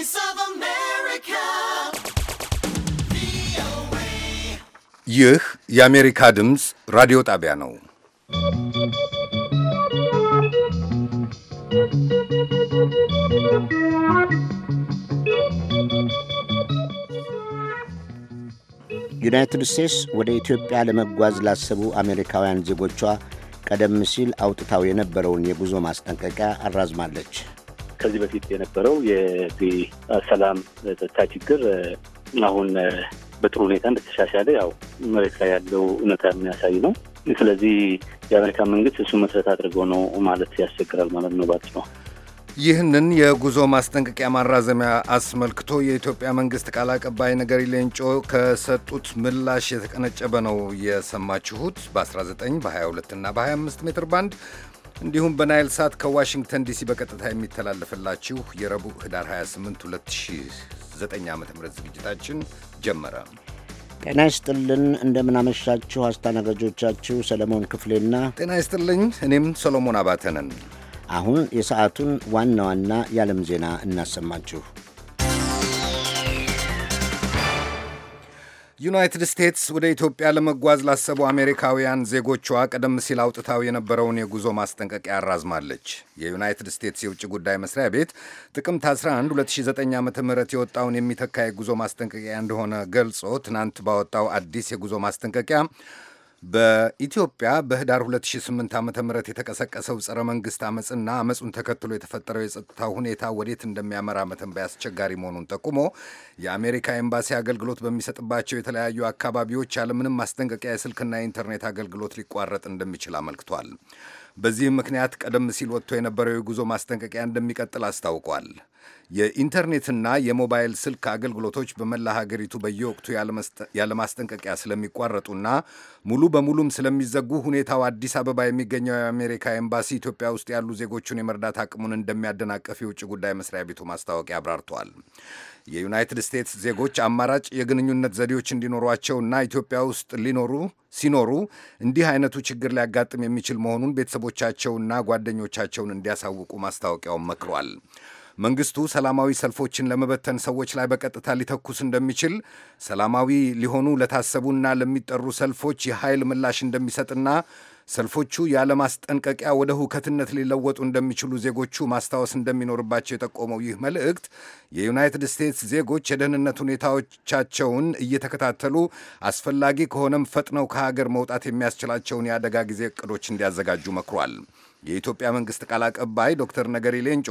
Voice of America. ይህ የአሜሪካ ድምፅ ራዲዮ ጣቢያ ነው። ዩናይትድ ስቴትስ ወደ ኢትዮጵያ ለመጓዝ ላሰቡ አሜሪካውያን ዜጎቿ ቀደም ሲል አውጥታው የነበረውን የጉዞ ማስጠንቀቂያ አራዝማለች። ከዚህ በፊት የነበረው ሰላም ጸጥታ ችግር አሁን በጥሩ ሁኔታ እንደተሻሻለ ያው መሬት ላይ ያለው እውነታ የሚያሳይ ነው። ስለዚህ የአሜሪካ መንግስት እሱ መሰረት አድርገው ነው ማለት ያስቸግራል ማለት ነው ባት ነው። ይህንን የጉዞ ማስጠንቀቂያ ማራዘሚያ አስመልክቶ የኢትዮጵያ መንግስት ቃል አቀባይ ነገሪ ሌንጮ ከሰጡት ምላሽ የተቀነጨበ ነው የሰማችሁት። በ19 በ22 እና በ25 ሜትር ባንድ እንዲሁም በናይል ሳት ከዋሽንግተን ዲሲ በቀጥታ የሚተላለፍላችሁ የረቡዕ ህዳር 28 2009 ዓ ም ዝግጅታችን ጀመረ። ጤና ይስጥልን፣ እንደምናመሻችሁ። አስተናጋጆቻችሁ ሰለሞን ክፍሌና ጤና ይስጥልኝ፣ እኔም ሰሎሞን አባተ ነን። አሁን የሰዓቱን ዋና ዋና የዓለም ዜና እናሰማችሁ። ዩናይትድ ስቴትስ ወደ ኢትዮጵያ ለመጓዝ ላሰቡ አሜሪካውያን ዜጎቿ ቀደም ሲል አውጥታው የነበረውን የጉዞ ማስጠንቀቂያ አራዝማለች። የዩናይትድ ስቴትስ የውጭ ጉዳይ መስሪያ ቤት ጥቅምት 11 2009 ዓ ም የወጣውን የሚተካ የጉዞ ማስጠንቀቂያ እንደሆነ ገልጾ ትናንት ባወጣው አዲስ የጉዞ ማስጠንቀቂያ በኢትዮጵያ በህዳር 2008 ዓ ም የተቀሰቀሰው ጸረ መንግሥት አመፅና አመፁን ተከትሎ የተፈጠረው የጸጥታ ሁኔታ ወዴት እንደሚያመራ መተንበይ አስቸጋሪ መሆኑን ጠቁሞ የአሜሪካ ኤምባሲ አገልግሎት በሚሰጥባቸው የተለያዩ አካባቢዎች ያለምንም ማስጠንቀቂያ የስልክና የኢንተርኔት አገልግሎት ሊቋረጥ እንደሚችል አመልክቷል። በዚህም ምክንያት ቀደም ሲል ወጥቶ የነበረው የጉዞ ማስጠንቀቂያ እንደሚቀጥል አስታውቋል። የኢንተርኔትና የሞባይል ስልክ አገልግሎቶች በመላ ሀገሪቱ በየወቅቱ ያለማስጠንቀቂያ ስለሚቋረጡና ሙሉ በሙሉም ስለሚዘጉ ሁኔታው አዲስ አበባ የሚገኘው የአሜሪካ ኤምባሲ ኢትዮጵያ ውስጥ ያሉ ዜጎቹን የመርዳት አቅሙን እንደሚያደናቀፍ የውጭ ጉዳይ መስሪያ ቤቱ ማስታወቂያ አብራርቷል። የዩናይትድ ስቴትስ ዜጎች አማራጭ የግንኙነት ዘዴዎች እንዲኖሯቸውና ኢትዮጵያ ውስጥ ሊኖሩ ሲኖሩ እንዲህ አይነቱ ችግር ሊያጋጥም የሚችል መሆኑን ቤተሰቦቻቸውና ጓደኞቻቸውን እንዲያሳውቁ ማስታወቂያውን መክሯል። መንግስቱ ሰላማዊ ሰልፎችን ለመበተን ሰዎች ላይ በቀጥታ ሊተኩስ እንደሚችል፣ ሰላማዊ ሊሆኑ ለታሰቡና ለሚጠሩ ሰልፎች የኃይል ምላሽ እንደሚሰጥና ሰልፎቹ ያለማስጠንቀቂያ ወደ ሁከትነት ሊለወጡ እንደሚችሉ ዜጎቹ ማስታወስ እንደሚኖርባቸው የጠቆመው ይህ መልእክት የዩናይትድ ስቴትስ ዜጎች የደህንነት ሁኔታዎቻቸውን እየተከታተሉ አስፈላጊ ከሆነም ፈጥነው ከሀገር መውጣት የሚያስችላቸውን የአደጋ ጊዜ እቅዶች እንዲያዘጋጁ መክሯል። የኢትዮጵያ መንግስት ቃል አቀባይ ዶክተር ነገሪ ሌንጮ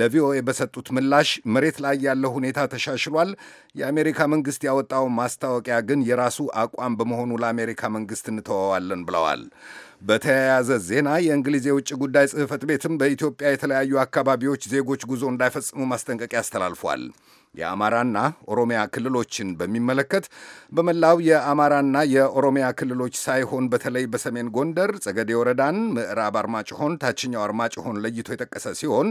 ለቪኦኤ በሰጡት ምላሽ መሬት ላይ ያለው ሁኔታ ተሻሽሏል፣ የአሜሪካ መንግስት ያወጣው ማስታወቂያ ግን የራሱ አቋም በመሆኑ ለአሜሪካ መንግስት እንተወዋለን ብለዋል። በተያያዘ ዜና የእንግሊዝ የውጭ ጉዳይ ጽህፈት ቤትም በኢትዮጵያ የተለያዩ አካባቢዎች ዜጎች ጉዞ እንዳይፈጽሙ ማስጠንቀቂያ አስተላልፏል። የአማራና ኦሮሚያ ክልሎችን በሚመለከት በመላው የአማራና የኦሮሚያ ክልሎች ሳይሆን በተለይ በሰሜን ጎንደር ጸገዴ ወረዳን፣ ምዕራብ አርማጭሆን፣ ታችኛው አርማጭሆን ለይቶ የጠቀሰ ሲሆን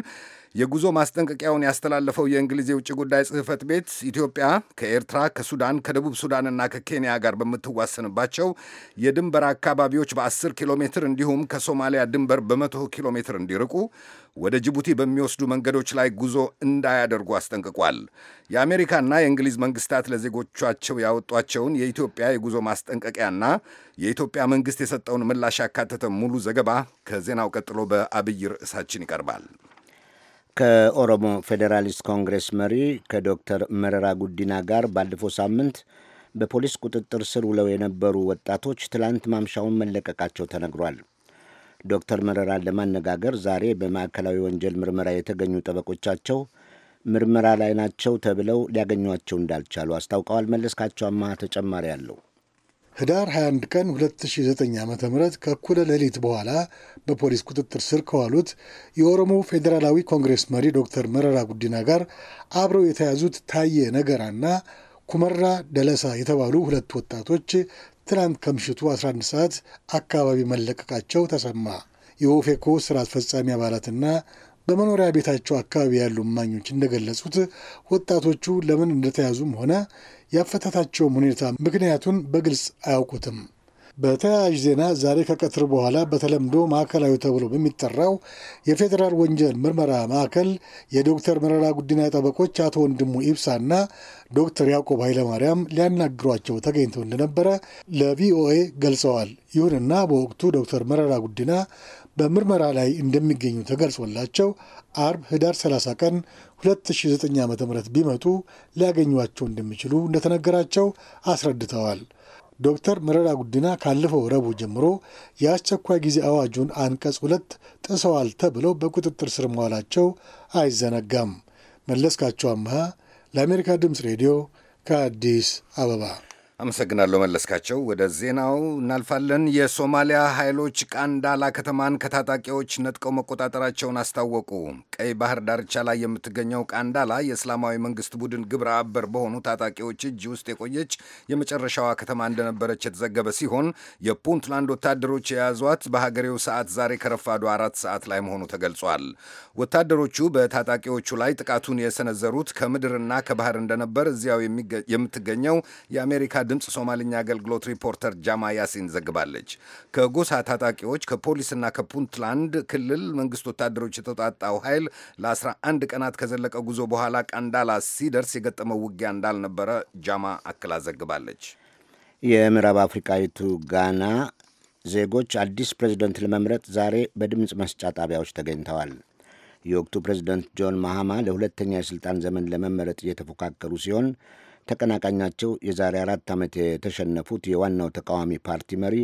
የጉዞ ማስጠንቀቂያውን ያስተላለፈው የእንግሊዝ የውጭ ጉዳይ ጽህፈት ቤት ኢትዮጵያ ከኤርትራ፣ ከሱዳን፣ ከደቡብ ሱዳንና ከኬንያ ጋር በምትዋሰንባቸው የድንበር አካባቢዎች በ10 ኪሎ ሜትር እንዲሁም ከሶማሊያ ድንበር በመቶ ኪሎ ሜትር እንዲርቁ ወደ ጅቡቲ በሚወስዱ መንገዶች ላይ ጉዞ እንዳያደርጉ አስጠንቅቋል። የአሜሪካና የእንግሊዝ መንግስታት ለዜጎቻቸው ያወጧቸውን የኢትዮጵያ የጉዞ ማስጠንቀቂያና የኢትዮጵያ መንግስት የሰጠውን ምላሽ ያካተተ ሙሉ ዘገባ ከዜናው ቀጥሎ በአብይ ርዕሳችን ይቀርባል። ከኦሮሞ ፌዴራሊስት ኮንግሬስ መሪ ከዶክተር መረራ ጉዲና ጋር ባለፈው ሳምንት በፖሊስ ቁጥጥር ስር ውለው የነበሩ ወጣቶች ትላንት ማምሻውን መለቀቃቸው ተነግሯል። ዶክተር መረራን ለማነጋገር ዛሬ በማዕከላዊ ወንጀል ምርመራ የተገኙ ጠበቆቻቸው ምርመራ ላይ ናቸው ተብለው ሊያገኟቸው እንዳልቻሉ አስታውቀዋል። መለስካቸው አማሃ ተጨማሪ አለው። ህዳር 21 ቀን 2009 ዓ ም ከእኩለ ሌሊት በኋላ በፖሊስ ቁጥጥር ስር ከዋሉት የኦሮሞ ፌዴራላዊ ኮንግሬስ መሪ ዶክተር መረራ ጉዲና ጋር አብረው የተያዙት ታየ ነገራና ኩመራ ደለሳ የተባሉ ሁለት ወጣቶች ትናንት ከምሽቱ 11 ሰዓት አካባቢ መለቀቃቸው ተሰማ። የኦፌኮ ስራ አስፈጻሚ አባላትና በመኖሪያ ቤታቸው አካባቢ ያሉ እማኞች እንደገለጹት ወጣቶቹ ለምን እንደተያዙም ሆነ ያፈታታቸውም ሁኔታ ምክንያቱን በግልጽ አያውቁትም። በተያያዥ ዜና ዛሬ ከቀትር በኋላ በተለምዶ ማዕከላዊ ተብሎ በሚጠራው የፌዴራል ወንጀል ምርመራ ማዕከል የዶክተር መረራ ጉዲና ጠበቆች አቶ ወንድሙ ኢብሳና ዶክተር ያዕቆብ ኃይለማርያም ሊያናግሯቸው ተገኝተው እንደነበረ ለቪኦኤ ገልጸዋል። ይሁንና በወቅቱ ዶክተር መረራ ጉዲና በምርመራ ላይ እንደሚገኙ ተገልጾላቸው አርብ ህዳር 30 ቀን 2009 ዓ ም ቢመጡ ሊያገኟቸው እንደሚችሉ እንደተነገራቸው አስረድተዋል። ዶክተር መረራ ጉዲና ካለፈው ረቡዕ ጀምሮ የአስቸኳይ ጊዜ አዋጁን አንቀጽ ሁለት ጥሰዋል ተብለው በቁጥጥር ስር መዋላቸው አይዘነጋም። መለስካቸው አምሃ ለአሜሪካ ድምፅ ሬዲዮ ከአዲስ አበባ አመሰግናለሁ መለስካቸው። ወደ ዜናው እናልፋለን። የሶማሊያ ኃይሎች ቃንዳላ ከተማን ከታጣቂዎች ነጥቀው መቆጣጠራቸውን አስታወቁ። ቀይ ባህር ዳርቻ ላይ የምትገኘው ቃንዳላ የእስላማዊ መንግስት ቡድን ግብረ አበር በሆኑ ታጣቂዎች እጅ ውስጥ የቆየች የመጨረሻዋ ከተማ እንደነበረች የተዘገበ ሲሆን የፑንትላንድ ወታደሮች የያዟት በሀገሬው ሰዓት ዛሬ ከረፋዱ አራት ሰዓት ላይ መሆኑ ተገልጿል። ወታደሮቹ በታጣቂዎቹ ላይ ጥቃቱን የሰነዘሩት ከምድርና ከባህር እንደነበር እዚያው የምትገኘው የአሜሪካ ድምፅ ሶማልኛ አገልግሎት ሪፖርተር ጃማ ያሲን ዘግባለች። ከጎሳ ታጣቂዎች ከፖሊስና ከፑንትላንድ ክልል መንግስት ወታደሮች የተውጣጣው ኃይል ለ11 ቀናት ከዘለቀ ጉዞ በኋላ ቃንዳላ ሲደርስ የገጠመው ውጊያ እንዳልነበረ ጃማ አክላ ዘግባለች። የምዕራብ አፍሪካዊቱ ጋና ዜጎች አዲስ ፕሬዝደንት ለመምረጥ ዛሬ በድምፅ መስጫ ጣቢያዎች ተገኝተዋል። የወቅቱ ፕሬዝደንት ጆን ማሃማ ለሁለተኛ የሥልጣን ዘመን ለመመረጥ እየተፎካከሩ ሲሆን ተቀናቃኛቸው የዛሬ አራት ዓመት የተሸነፉት የዋናው ተቃዋሚ ፓርቲ መሪ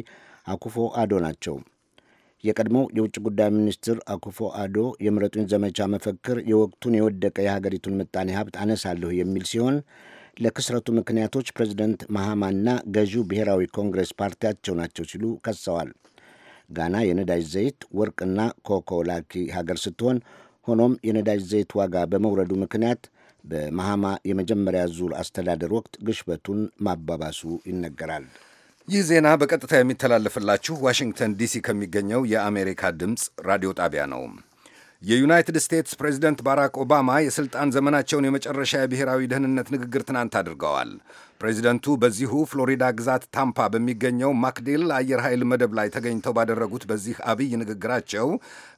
አኩፎ አዶ ናቸው። የቀድሞው የውጭ ጉዳይ ሚኒስትር አኩፎ አዶ የምረጡኝ ዘመቻ መፈክር የወቅቱን የወደቀ የሀገሪቱን ምጣኔ ሀብት አነሳለሁ የሚል ሲሆን ለክስረቱ ምክንያቶች ፕሬዚደንት ማሃማና ገዢው ብሔራዊ ኮንግረስ ፓርቲያቸው ናቸው ሲሉ ከሰዋል። ጋና የነዳጅ ዘይት ወርቅና ኮኮ ላኪ ሀገር ስትሆን ሆኖም የነዳጅ ዘይት ዋጋ በመውረዱ ምክንያት በማሃማ የመጀመሪያ ዙር አስተዳደር ወቅት ግሽበቱን ማባባሱ ይነገራል። ይህ ዜና በቀጥታ የሚተላለፍላችሁ ዋሽንግተን ዲሲ ከሚገኘው የአሜሪካ ድምፅ ራዲዮ ጣቢያ ነው። የዩናይትድ ስቴትስ ፕሬዚደንት ባራክ ኦባማ የሥልጣን ዘመናቸውን የመጨረሻ የብሔራዊ ደህንነት ንግግር ትናንት አድርገዋል። ፕሬዚደንቱ በዚሁ ፍሎሪዳ ግዛት ታምፓ በሚገኘው ማክዴል አየር ኃይል መደብ ላይ ተገኝተው ባደረጉት በዚህ አብይ ንግግራቸው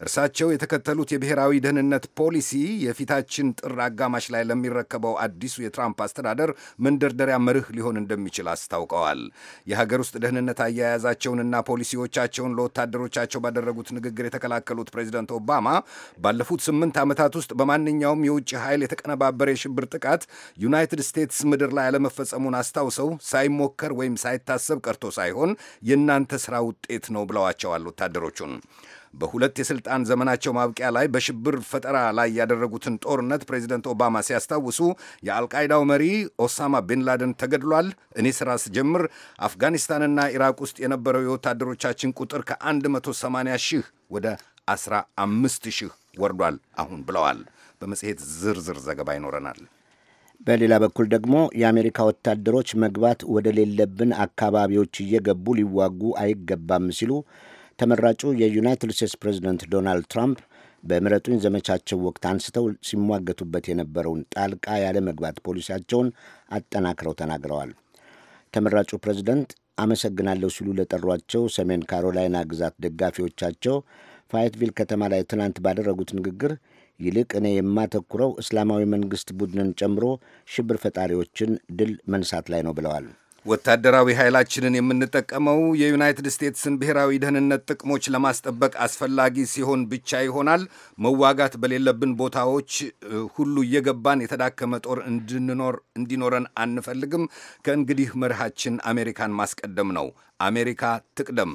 እርሳቸው የተከተሉት የብሔራዊ ደህንነት ፖሊሲ የፊታችን ጥር አጋማሽ ላይ ለሚረከበው አዲሱ የትራምፕ አስተዳደር መንደርደሪያ መርህ ሊሆን እንደሚችል አስታውቀዋል። የሀገር ውስጥ ደህንነት አያያዛቸውንና ፖሊሲዎቻቸውን ለወታደሮቻቸው ባደረጉት ንግግር የተከላከሉት ፕሬዚደንት ኦባማ ባለፉት ስምንት ዓመታት ውስጥ በማንኛውም የውጭ ኃይል የተቀነባበረ የሽብር ጥቃት ዩናይትድ ስቴትስ ምድር ላይ አለመፈጸሙ መፈጸሙን አስታውሰው ሳይሞከር ወይም ሳይታሰብ ቀርቶ ሳይሆን የእናንተ ሥራ ውጤት ነው ብለዋቸዋል ወታደሮቹን። በሁለት የሥልጣን ዘመናቸው ማብቂያ ላይ በሽብር ፈጠራ ላይ ያደረጉትን ጦርነት ፕሬዚደንት ኦባማ ሲያስታውሱ የአልቃይዳው መሪ ኦሳማ ቢንላደን ተገድሏል፣ እኔ ሥራ ስጀምር አፍጋኒስታንና ኢራቅ ውስጥ የነበረው የወታደሮቻችን ቁጥር ከ180 ሺህ ወደ 15 ሺህ ወርዷል አሁን ብለዋል። በመጽሔት ዝርዝር ዘገባ ይኖረናል። በሌላ በኩል ደግሞ የአሜሪካ ወታደሮች መግባት ወደሌለብን አካባቢዎች እየገቡ ሊዋጉ አይገባም ሲሉ ተመራጩ የዩናይትድ ስቴትስ ፕሬዚደንት ዶናልድ ትራምፕ በምረጡኝ ዘመቻቸው ወቅት አንስተው ሲሟገቱበት የነበረውን ጣልቃ ያለ መግባት ፖሊሲያቸውን አጠናክረው ተናግረዋል። ተመራጩ ፕሬዚደንት አመሰግናለሁ ሲሉ ለጠሯቸው ሰሜን ካሮላይና ግዛት ደጋፊዎቻቸው ፋየትቪል ከተማ ላይ ትናንት ባደረጉት ንግግር ይልቅ እኔ የማተኩረው እስላማዊ መንግሥት ቡድንን ጨምሮ ሽብር ፈጣሪዎችን ድል መንሳት ላይ ነው ብለዋል። ወታደራዊ ኃይላችንን የምንጠቀመው የዩናይትድ ስቴትስን ብሔራዊ ደህንነት ጥቅሞች ለማስጠበቅ አስፈላጊ ሲሆን ብቻ ይሆናል። መዋጋት በሌለብን ቦታዎች ሁሉ እየገባን የተዳከመ ጦር እንድንኖር እንዲኖረን አንፈልግም። ከእንግዲህ መርሃችን አሜሪካን ማስቀደም ነው። አሜሪካ ትቅደም።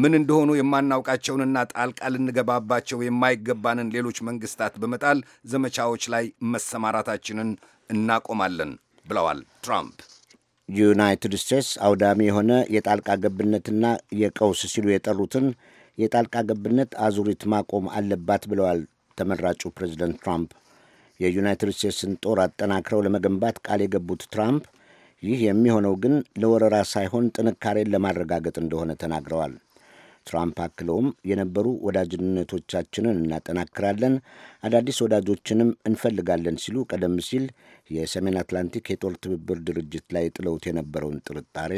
ምን እንደሆኑ የማናውቃቸውንና ጣልቃ ልንገባባቸው የማይገባንን ሌሎች መንግስታት በመጣል ዘመቻዎች ላይ መሰማራታችንን እናቆማለን ብለዋል ትራምፕ። ዩናይትድ ስቴትስ አውዳሚ የሆነ የጣልቃ ገብነትና የቀውስ ሲሉ የጠሩትን የጣልቃ ገብነት አዙሪት ማቆም አለባት ብለዋል ተመራጩ ፕሬዚደንት ትራምፕ። የዩናይትድ ስቴትስን ጦር አጠናክረው ለመገንባት ቃል የገቡት ትራምፕ ይህ የሚሆነው ግን ለወረራ ሳይሆን ጥንካሬን ለማረጋገጥ እንደሆነ ተናግረዋል። ትራምፕ አክለውም የነበሩ ወዳጅነቶቻችንን እናጠናክራለን፣ አዳዲስ ወዳጆችንም እንፈልጋለን ሲሉ ቀደም ሲል የሰሜን አትላንቲክ የጦር ትብብር ድርጅት ላይ ጥለውት የነበረውን ጥርጣሬ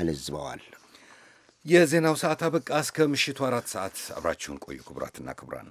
አለዝበዋል። የዜናው ሰዓት አበቃ። እስከ ምሽቱ አራት ሰዓት አብራችሁን ቆዩ። ክቡራትና ክቡራን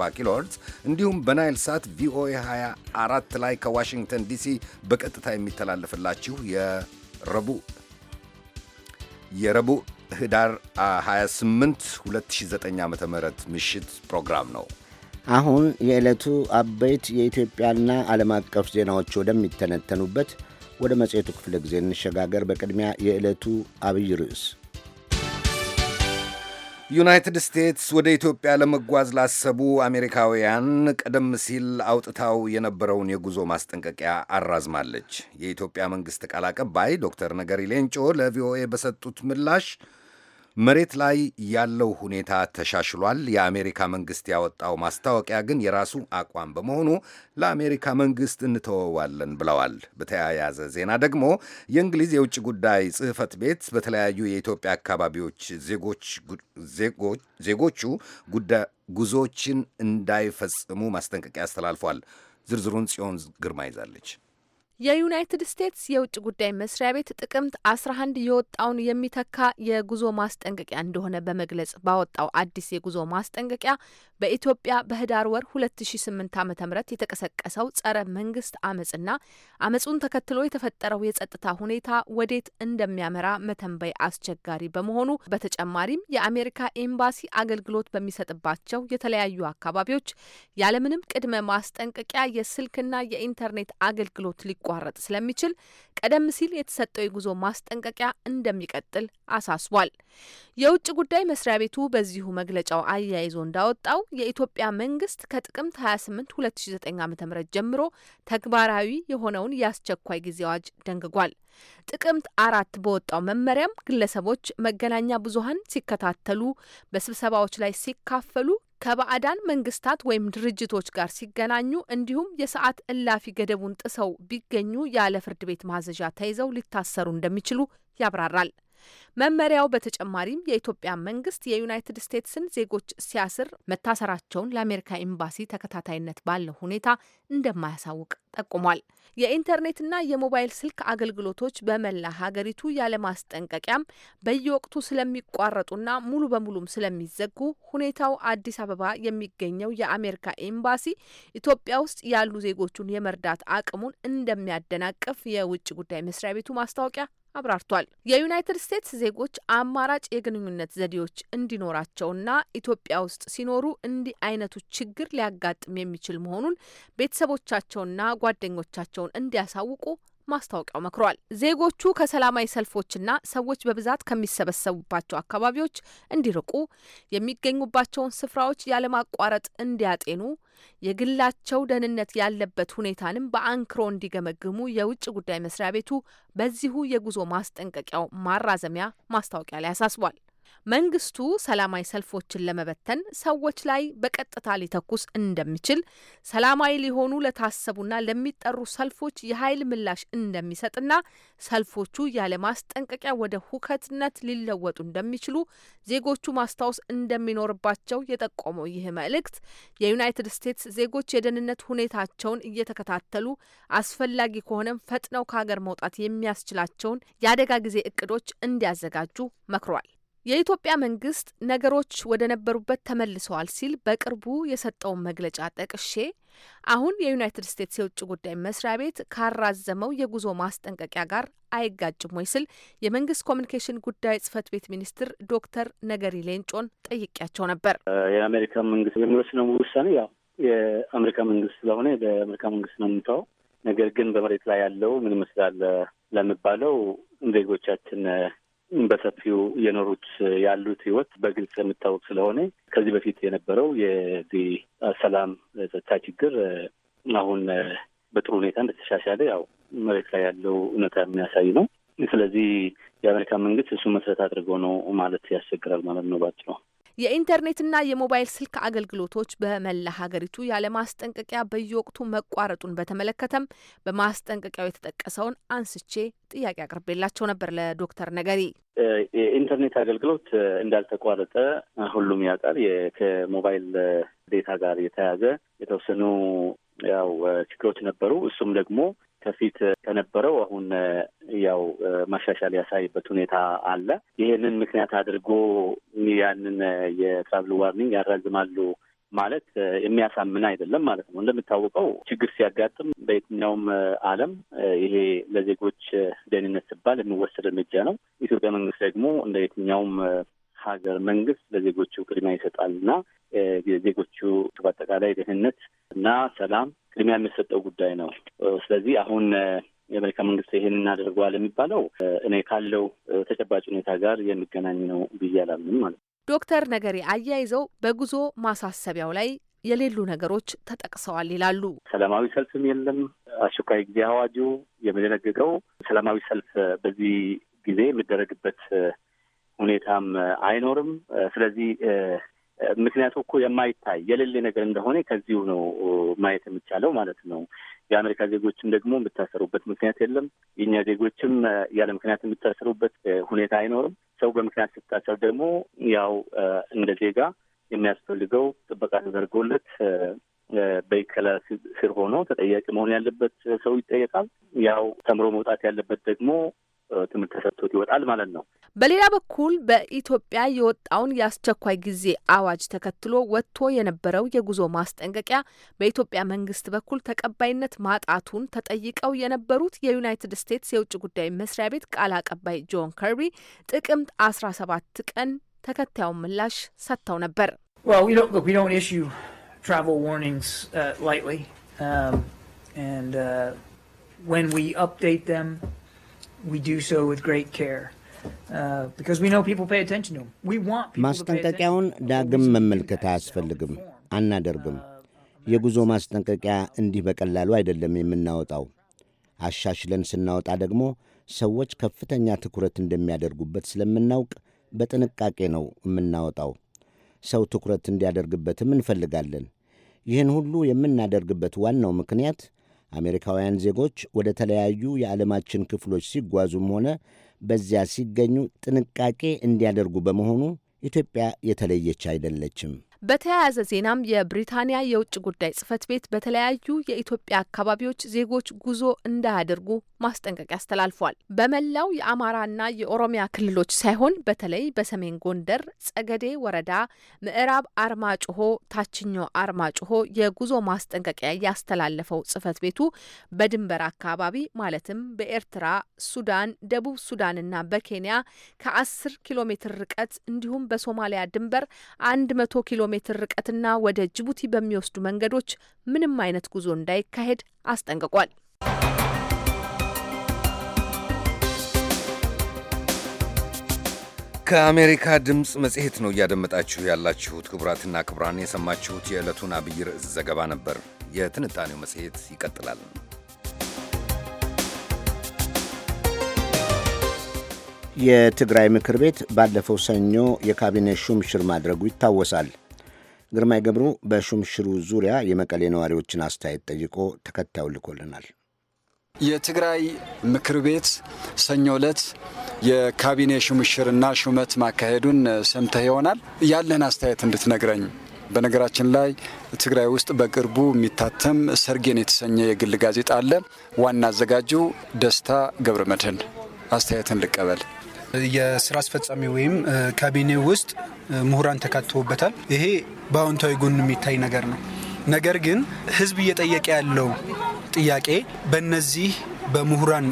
በ140 ኪሎ ሄርትስ እንዲሁም በናይል ሳት ቪኦኤ 24 ላይ ከዋሽንግተን ዲሲ በቀጥታ የሚተላለፍላችሁ የረቡዕ የረቡዕ ህዳር 28 2009 ዓ ም ምሽት ፕሮግራም ነው። አሁን የዕለቱ አበይት የኢትዮጵያና ዓለም አቀፍ ዜናዎች ወደሚተነተኑበት ወደ መጽሔቱ ክፍለ ጊዜ እንሸጋገር። በቅድሚያ የዕለቱ አብይ ርዕስ ዩናይትድ ስቴትስ ወደ ኢትዮጵያ ለመጓዝ ላሰቡ አሜሪካውያን ቀደም ሲል አውጥታው የነበረውን የጉዞ ማስጠንቀቂያ አራዝማለች። የኢትዮጵያ መንግሥት ቃል አቀባይ ዶክተር ነገሪ ሌንጮ ለቪኦኤ በሰጡት ምላሽ መሬት ላይ ያለው ሁኔታ ተሻሽሏል። የአሜሪካ መንግስት ያወጣው ማስታወቂያ ግን የራሱ አቋም በመሆኑ ለአሜሪካ መንግስት እንተወዋለን ብለዋል። በተያያዘ ዜና ደግሞ የእንግሊዝ የውጭ ጉዳይ ጽህፈት ቤት በተለያዩ የኢትዮጵያ አካባቢዎች ዜጎቹ ጉዞዎችን እንዳይፈጽሙ ማስጠንቀቂያ አስተላልፏል። ዝርዝሩን ጽዮን ግርማ ይዛለች። የዩናይትድ ስቴትስ የውጭ ጉዳይ መስሪያ ቤት ጥቅምት 11 የወጣውን የሚተካ የጉዞ ማስጠንቀቂያ እንደሆነ በመግለጽ ባወጣው አዲስ የጉዞ ማስጠንቀቂያ በኢትዮጵያ በህዳር ወር ስምንት ዓ ም የተቀሰቀሰው ጸረ መንግስት አመጽና አመፁን ተከትሎ የተፈጠረው የጸጥታ ሁኔታ ወዴት እንደሚያመራ መተንበይ አስቸጋሪ በመሆኑ በተጨማሪም የአሜሪካ ኤምባሲ አገልግሎት በሚሰጥባቸው የተለያዩ አካባቢዎች ያለምንም ቅድመ ማስጠንቀቂያ የስልክና የኢንተርኔት አገልግሎት ሊቋ ሊቋረጥ ስለሚችል ቀደም ሲል የተሰጠው የጉዞ ማስጠንቀቂያ እንደሚቀጥል አሳስቧል። የውጭ ጉዳይ መስሪያ ቤቱ በዚሁ መግለጫው አያይዞ እንዳወጣው የኢትዮጵያ መንግስት ከጥቅምት 28 2009 ዓ ም ጀምሮ ተግባራዊ የሆነውን የአስቸኳይ ጊዜ አዋጅ ደንግጓል። ጥቅምት አራት በወጣው መመሪያም ግለሰቦች መገናኛ ብዙኃን ሲከታተሉ፣ በስብሰባዎች ላይ ሲካፈሉ፣ ከባዕዳን መንግስታት ወይም ድርጅቶች ጋር ሲገናኙ እንዲሁም የሰዓት እላፊ ገደቡን ጥሰው ቢገኙ ያለ ፍርድ ቤት ማዘዣ ተይዘው ሊታሰሩ እንደሚችሉ ያብራራል። መመሪያው በተጨማሪም የኢትዮጵያ መንግስት የዩናይትድ ስቴትስን ዜጎች ሲያስር መታሰራቸውን ለአሜሪካ ኤምባሲ ተከታታይነት ባለው ሁኔታ እንደማያሳውቅ ጠቁሟል። የኢንተርኔትና የሞባይል ስልክ አገልግሎቶች በመላ ሀገሪቱ ያለማስጠንቀቂያም በየወቅቱ ስለሚቋረጡና ሙሉ በሙሉም ስለሚዘጉ ሁኔታው አዲስ አበባ የሚገኘው የአሜሪካ ኤምባሲ ኢትዮጵያ ውስጥ ያሉ ዜጎቹን የመርዳት አቅሙን እንደሚያደናቅፍ የውጭ ጉዳይ መስሪያ ቤቱ ማስታወቂያ አብራርቷል። የዩናይትድ ስቴትስ ዜጎች አማራጭ የግንኙነት ዘዴዎች እንዲኖራቸውና ኢትዮጵያ ውስጥ ሲኖሩ እንዲህ አይነቱ ችግር ሊያጋጥም የሚችል መሆኑን ቤተሰቦቻቸውና ጓደኞቻቸውን እንዲያሳውቁ ማስታወቂያው መክሯል። ዜጎቹ ከሰላማዊ ሰልፎችና ሰዎች በብዛት ከሚሰበሰቡባቸው አካባቢዎች እንዲርቁ፣ የሚገኙባቸውን ስፍራዎች ያለማቋረጥ እንዲያጤኑ፣ የግላቸው ደህንነት ያለበት ሁኔታንም በአንክሮ እንዲገመግሙ የውጭ ጉዳይ መስሪያ ቤቱ በዚሁ የጉዞ ማስጠንቀቂያው ማራዘሚያ ማስታወቂያ ላይ አሳስቧል። መንግስቱ ሰላማዊ ሰልፎችን ለመበተን ሰዎች ላይ በቀጥታ ሊተኩስ እንደሚችል፣ ሰላማዊ ሊሆኑ ለታሰቡና ለሚጠሩ ሰልፎች የኃይል ምላሽ እንደሚሰጥና ሰልፎቹ ያለ ማስጠንቀቂያ ወደ ሁከትነት ሊለወጡ እንደሚችሉ ዜጎቹ ማስታወስ እንደሚኖርባቸው የጠቆመው ይህ መልእክት የዩናይትድ ስቴትስ ዜጎች የደህንነት ሁኔታቸውን እየተከታተሉ አስፈላጊ ከሆነም ፈጥነው ከሀገር መውጣት የሚያስችላቸውን የአደጋ ጊዜ እቅዶች እንዲያዘጋጁ መክሯል። የኢትዮጵያ መንግስት ነገሮች ወደ ነበሩበት ተመልሰዋል ሲል በቅርቡ የሰጠውን መግለጫ ጠቅሼ አሁን የዩናይትድ ስቴትስ የውጭ ጉዳይ መስሪያ ቤት ካራዘመው የጉዞ ማስጠንቀቂያ ጋር አይጋጭም ወይ ስል የመንግስት ኮሚኒኬሽን ጉዳይ ጽህፈት ቤት ሚኒስትር ዶክተር ነገሪ ሌንጮን ጠይቄያቸው ነበር። የአሜሪካ መንግስት የሚወስነው ውሳኔ ያው የአሜሪካ መንግስት ስለሆነ በአሜሪካ መንግስት ነው የምንተው። ነገር ግን በመሬት ላይ ያለው ምን ይመስላል ለሚባለው ዜጎቻችን በሰፊው የኖሩት ያሉት ህይወት በግልጽ የሚታወቅ ስለሆነ ከዚህ በፊት የነበረው የዚህ ሰላም ጸጥታ ችግር አሁን በጥሩ ሁኔታ እንደተሻሻለ ያው መሬት ላይ ያለው እውነታ የሚያሳይ ነው። ስለዚህ የአሜሪካ መንግስት እሱ መሰረት አድርጎ ነው ማለት ያስቸግራል ማለት ነው ነው። የኢንተርኔትና የሞባይል ስልክ አገልግሎቶች በመላ ሀገሪቱ ያለማስጠንቀቂያ በየወቅቱ መቋረጡን በተመለከተም በማስጠንቀቂያው የተጠቀሰውን አንስቼ ጥያቄ አቅርቤላቸው ነበር ለዶክተር ነገሪ። የኢንተርኔት አገልግሎት እንዳልተቋረጠ ሁሉም ያውቃል። ከሞባይል ዴታ ጋር የተያዘ የተወሰኑ ያው ችግሮች ነበሩ። እሱም ደግሞ ከፊት ከነበረው አሁን ያው ማሻሻል ያሳይበት ሁኔታ አለ። ይሄንን ምክንያት አድርጎ ያንን የትራቭል ዋርኒንግ ያራዝማሉ ማለት የሚያሳምን አይደለም ማለት ነው። እንደሚታወቀው ችግር ሲያጋጥም በየትኛውም ዓለም ይሄ ለዜጎች ደህንነት ሲባል የሚወሰድ እርምጃ ነው። ኢትዮጵያ መንግስት ደግሞ እንደ የትኛውም ሀገር መንግስት ለዜጎቹ ቅድሚያ ይሰጣል እና ዜጎቹ በአጠቃላይ ደህንነት እና ሰላም ቅድሚያ የሚሰጠው ጉዳይ ነው። ስለዚህ አሁን የአሜሪካ መንግስት ይህን እናደርገዋል የሚባለው እኔ ካለው ተጨባጭ ሁኔታ ጋር የሚገናኝ ነው ብዬ አላምንም ማለት ነው። ዶክተር ነገሪ አያይዘው በጉዞ ማሳሰቢያው ላይ የሌሉ ነገሮች ተጠቅሰዋል ይላሉ። ሰላማዊ ሰልፍም የለም። አስቸኳይ ጊዜ አዋጁ የሚደነግገው ሰላማዊ ሰልፍ በዚህ ጊዜ የሚደረግበት ሁኔታም አይኖርም። ስለዚህ ምክንያቱ እኮ የማይታይ የሌሌ ነገር እንደሆነ ከዚሁ ነው ማየት የሚቻለው ማለት ነው። የአሜሪካ ዜጎችም ደግሞ የምታሰሩበት ምክንያት የለም። የእኛ ዜጎችም ያለ ምክንያት የምታሰሩበት ሁኔታ አይኖርም። ሰው በምክንያት ስታሰር ደግሞ ያው እንደ ዜጋ የሚያስፈልገው ጥበቃ ተደርጎለት በይከላ ስር ሆኖ ተጠያቂ መሆን ያለበት ሰው ይጠየቃል። ያው ተምሮ መውጣት ያለበት ደግሞ ትምህርት ተሰጥቶት ይወጣል ማለት ነው። በሌላ በኩል በኢትዮጵያ የወጣውን የአስቸኳይ ጊዜ አዋጅ ተከትሎ ወጥቶ የነበረው የጉዞ ማስጠንቀቂያ በኢትዮጵያ መንግስት በኩል ተቀባይነት ማጣቱን ተጠይቀው የነበሩት የዩናይትድ ስቴትስ የውጭ ጉዳይ መስሪያ ቤት ቃል አቀባይ ጆን ከርቢ ጥቅምት አስራ ሰባት ቀን ተከታዩን ምላሽ ሰጥተው ነበር። we do so with great care. Uh, ማስጠንቀቂያውን ዳግም መመልከት አያስፈልግም፣ አናደርግም። uh, የጉዞ uh, ማስጠንቀቂያ እንዲህ በቀላሉ አይደለም የምናወጣው። አሻሽለን ስናወጣ ደግሞ ሰዎች ከፍተኛ ትኩረት እንደሚያደርጉበት ስለምናውቅ በጥንቃቄ ነው የምናወጣው። ሰው ትኩረት እንዲያደርግበትም እንፈልጋለን። ይህን ሁሉ የምናደርግበት ዋናው ምክንያት አሜሪካውያን ዜጎች ወደ ተለያዩ የዓለማችን ክፍሎች ሲጓዙም ሆነ በዚያ ሲገኙ ጥንቃቄ እንዲያደርጉ በመሆኑ ኢትዮጵያ የተለየች አይደለችም። በተያያዘ ዜናም የብሪታንያ የውጭ ጉዳይ ጽህፈት ቤት በተለያዩ የኢትዮጵያ አካባቢዎች ዜጎች ጉዞ እንዳያደርጉ ማስጠንቀቂያ አስተላልፏል። በመላው የአማራና የኦሮሚያ ክልሎች ሳይሆን በተለይ በሰሜን ጎንደር ጸገዴ ወረዳ ምዕራብ አርማ ታችኛው አርማ የጉዞ ማስጠንቀቂያ ያስተላለፈው ጽህፈት ቤቱ በድንበር አካባቢ ማለትም በኤርትራ፣ ሱዳን፣ ደቡብ ሱዳንና በኬንያ ከ10 ኪሎ ሜትር ርቀት እንዲሁም በሶማሊያ ድንበር መቶ ኪሎ ሜትር ርቀትና ወደ ጅቡቲ በሚወስዱ መንገዶች ምንም አይነት ጉዞ እንዳይካሄድ አስጠንቅቋል። ከአሜሪካ ድምፅ መጽሔት ነው እያደመጣችሁ ያላችሁት። ክቡራትና ክቡራን የሰማችሁት የዕለቱን አብይ ርዕስ ዘገባ ነበር። የትንታኔው መጽሔት ይቀጥላል። የትግራይ ምክር ቤት ባለፈው ሰኞ የካቢኔ ሹምሽር ማድረጉ ይታወሳል። ግርማይ ገብሩ በሹምሽሩ ዙሪያ የመቀሌ ነዋሪዎችን አስተያየት ጠይቆ ተከታዩ ልኮልናል። የትግራይ ምክር ቤት ሰኞ ዕለት የካቢኔ ሹምሽርና ሹመት ማካሄዱን ሰምተህ ይሆናል። ያለህን አስተያየት እንድትነግረኝ። በነገራችን ላይ ትግራይ ውስጥ በቅርቡ የሚታተም ሰርጌን የተሰኘ የግል ጋዜጣ አለ። ዋና አዘጋጁ ደስታ ገብረ መድህን። አስተያየትን ልቀበል። የስራ አስፈጻሚ ወይም ካቢኔ ውስጥ ምሁራን ተካተውበታል። ይሄ በአዎንታዊ ጎን የሚታይ ነገር ነው። ነገር ግን ህዝብ እየጠየቀ ያለው ጥያቄ በእነዚህ በምሁራን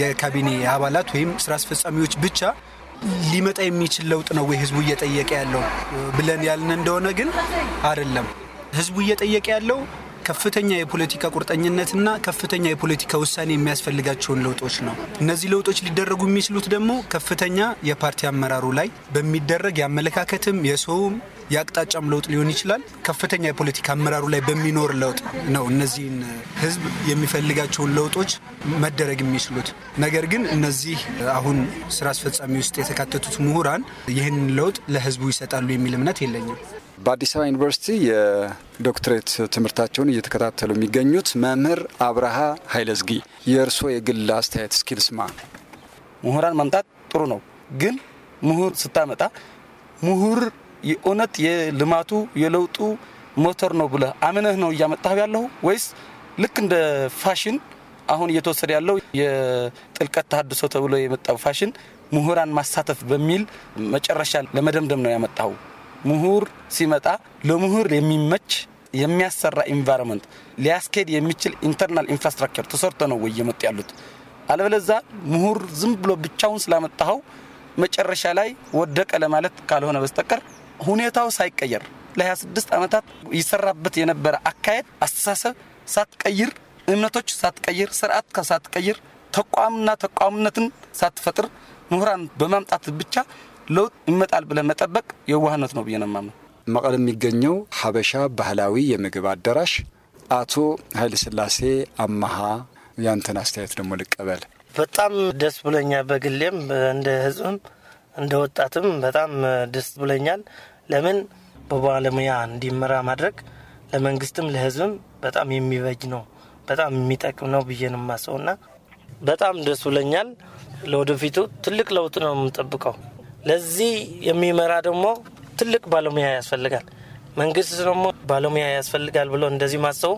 የካቢኔ አባላት ወይም ስራ አስፈጻሚዎች ብቻ ሊመጣ የሚችል ለውጥ ነው ወይ ህዝቡ እየጠየቀ ያለው ብለን ያልን እንደሆነ ግን አይደለም። ህዝቡ እየጠየቀ ያለው ከፍተኛ የፖለቲካ ቁርጠኝነትና ከፍተኛ የፖለቲካ ውሳኔ የሚያስፈልጋቸውን ለውጦች ነው። እነዚህ ለውጦች ሊደረጉ የሚችሉት ደግሞ ከፍተኛ የፓርቲ አመራሩ ላይ በሚደረግ የአመለካከትም የሰውም የአቅጣጫም ለውጥ ሊሆን ይችላል። ከፍተኛ የፖለቲካ አመራሩ ላይ በሚኖር ለውጥ ነው እነዚህን ህዝብ የሚፈልጋቸውን ለውጦች መደረግ የሚችሉት። ነገር ግን እነዚህ አሁን ስራ አስፈጻሚ ውስጥ የተካተቱት ምሁራን ይህንን ለውጥ ለህዝቡ ይሰጣሉ የሚል እምነት የለኝም። በአዲስ አበባ ዩኒቨርሲቲ የዶክትሬት ትምህርታቸውን እየተከታተሉ የሚገኙት መምህር አብርሃ ኃይለዝጊ የእርስዎ የግል አስተያየት ስኪልስማ ምሁራን ማምጣት ጥሩ ነው፣ ግን ምሁር ስታመጣ ምሁር የእውነት የልማቱ የለውጡ ሞተር ነው ብለህ አምነህ ነው እያመጣህ ያለሁ ወይስ ልክ እንደ ፋሽን አሁን እየተወሰደ ያለው የጥልቀት ተሀድሶ ተብሎ የመጣው ፋሽን ምሁራን ማሳተፍ በሚል መጨረሻ ለመደምደም ነው ያመጣው? ምሁር ሲመጣ ለምሁር የሚመች የሚያሰራ ኢንቫይሮመንት ሊያስኬድ የሚችል ኢንተርናል ኢንፍራስትራክቸር ተሰርቶ ነው ወይ የመጡ ያሉት። አለበለዛ ምሁር ዝም ብሎ ብቻውን ስላመጣኸው መጨረሻ ላይ ወደቀ ለማለት ካልሆነ በስተቀር ሁኔታው ሳይቀየር ለ26 ዓመታት ይሰራበት የነበረ አካሄድ፣ አስተሳሰብ ሳትቀይር፣ እምነቶች ሳትቀይር፣ ስርዓት ሳትቀይር፣ ተቋምና ተቋምነትን ሳትፈጥር ምሁራን በማምጣት ብቻ ለውጥ ይመጣል ብለን መጠበቅ የዋህነት ነው ብዬ ነው የማምነው። መቀለ የሚገኘው ሀበሻ ባህላዊ የምግብ አዳራሽ አቶ ኃይለስላሴ አማሃ ያንተን አስተያየት ደግሞ ልቀበል። በጣም ደስ ብሎኛል። በግሌም እንደ ህዝብም እንደ ወጣትም በጣም ደስ ብሎኛል። ለምን በባለሙያ እንዲመራ ማድረግ ለመንግስትም ለህዝብም በጣም የሚበጅ ነው፣ በጣም የሚጠቅም ነው ብዬ ነው የማስበው እና በጣም ደስ ብሎኛል። ለወደፊቱ ትልቅ ለውጥ ነው የምንጠብቀው። ለዚህ የሚመራ ደግሞ ትልቅ ባለሙያ ያስፈልጋል። መንግስት ደግሞ ባለሙያ ያስፈልጋል ብሎ እንደዚህ ማሰቡ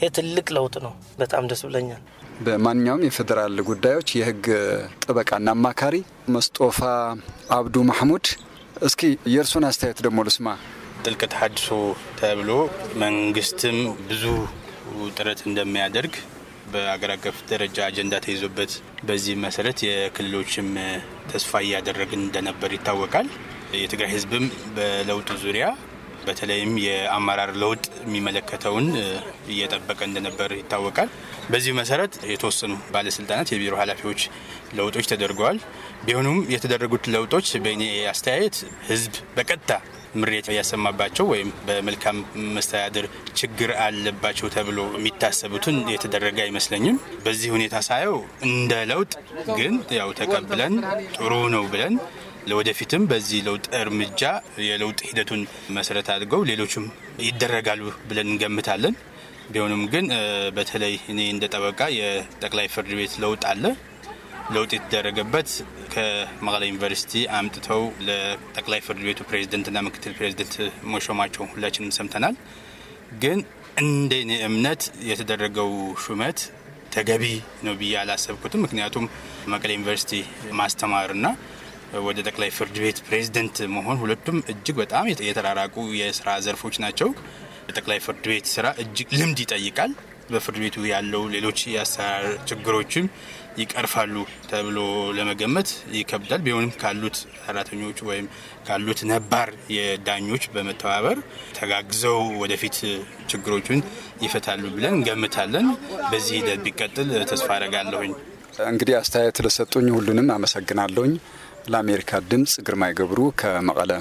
ይህ ትልቅ ለውጥ ነው። በጣም ደስ ብለኛል። በማንኛውም የፌዴራል ጉዳዮች የህግ ጥበቃና አማካሪ መስጦፋ አብዱ ማህሙድ እስኪ የእርሱን አስተያየት ደግሞ ልስማ። ጥልቅ ተሃድሶ ተብሎ መንግስትም ብዙ ጥረት እንደሚያደርግ በአገር አቀፍ ደረጃ አጀንዳ ተይዞበት በዚህ መሰረት የክልሎችም ተስፋ እያደረግን እንደነበር ይታወቃል። የትግራይ ህዝብም በለውጡ ዙሪያ በተለይም የአመራር ለውጥ የሚመለከተውን እየጠበቀ እንደነበር ይታወቃል። በዚህ መሰረት የተወሰኑ ባለስልጣናት፣ የቢሮ ኃላፊዎች ለውጦች ተደርገዋል። ቢሆኑም የተደረጉት ለውጦች በእኔ አስተያየት ህዝብ በቀጥታ ምሬት ያሰማባቸው ወይም በመልካም መስተዳደር ችግር አለባቸው ተብሎ የሚታሰቡትን የተደረገ አይመስለኝም። በዚህ ሁኔታ ሳየው እንደ ለውጥ ግን ያው ተቀብለን ጥሩ ነው ብለን ለወደፊትም በዚህ ለውጥ እርምጃ የለውጥ ሂደቱን መሰረት አድርገው ሌሎችም ይደረጋሉ ብለን እንገምታለን። ቢሆንም ግን በተለይ እኔ እንደ ጠበቃ የጠቅላይ ፍርድ ቤት ለውጥ አለ ለውጥ የተደረገበት ከመቀለ ዩኒቨርሲቲ አምጥተው ለጠቅላይ ፍርድ ቤቱ ፕሬዝደንትና ምክትል ፕሬዝደንት መሾማቸው ሁላችንም ሰምተናል። ግን እንደ እኔ እምነት የተደረገው ሹመት ተገቢ ነው ብዬ አላሰብኩትም። ምክንያቱም መቀለ ዩኒቨርሲቲ ማስተማርና ወደ ጠቅላይ ፍርድ ቤት ፕሬዝደንት መሆን ሁለቱም እጅግ በጣም የተራራቁ የስራ ዘርፎች ናቸው። ጠቅላይ ፍርድ ቤት ስራ እጅግ ልምድ ይጠይቃል። በፍርድ ቤቱ ያለው ሌሎች የአሰራር ችግሮችም ይቀርፋሉ ተብሎ ለመገመት ይከብዳል። ቢሆንም ካሉት ሰራተኞች ወይም ካሉት ነባር የዳኞች በመተባበር ተጋግዘው ወደፊት ችግሮቹን ይፈታሉ ብለን እንገምታለን። በዚህ ሂደት ቢቀጥል ተስፋ አረጋለሁኝ። እንግዲህ አስተያየት ለሰጡኝ ሁሉንም አመሰግናለሁኝ። ለአሜሪካ ድምፅ ግርማይ ገብሩ ከመቀለ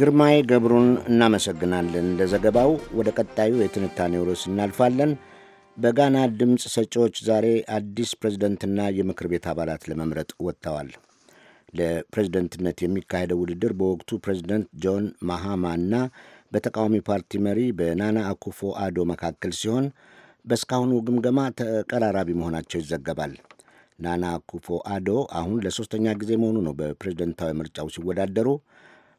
ግርማይ ገብሩን እናመሰግናለን ለዘገባው። ወደ ቀጣዩ የትንታኔው ርዕስ እናልፋለን። በጋና ድምፅ ሰጪዎች ዛሬ አዲስ ፕሬዝደንትና የምክር ቤት አባላት ለመምረጥ ወጥተዋል። ለፕሬዝደንትነት የሚካሄደው ውድድር በወቅቱ ፕሬዝደንት ጆን ማሃማ እና በተቃዋሚ ፓርቲ መሪ በናና አኩፎ አዶ መካከል ሲሆን በእስካሁኑ ግምገማ ተቀራራቢ መሆናቸው ይዘገባል። ናና አኩፎ አዶ አሁን ለሶስተኛ ጊዜ መሆኑ ነው በፕሬዝደንታዊ ምርጫው ሲወዳደሩ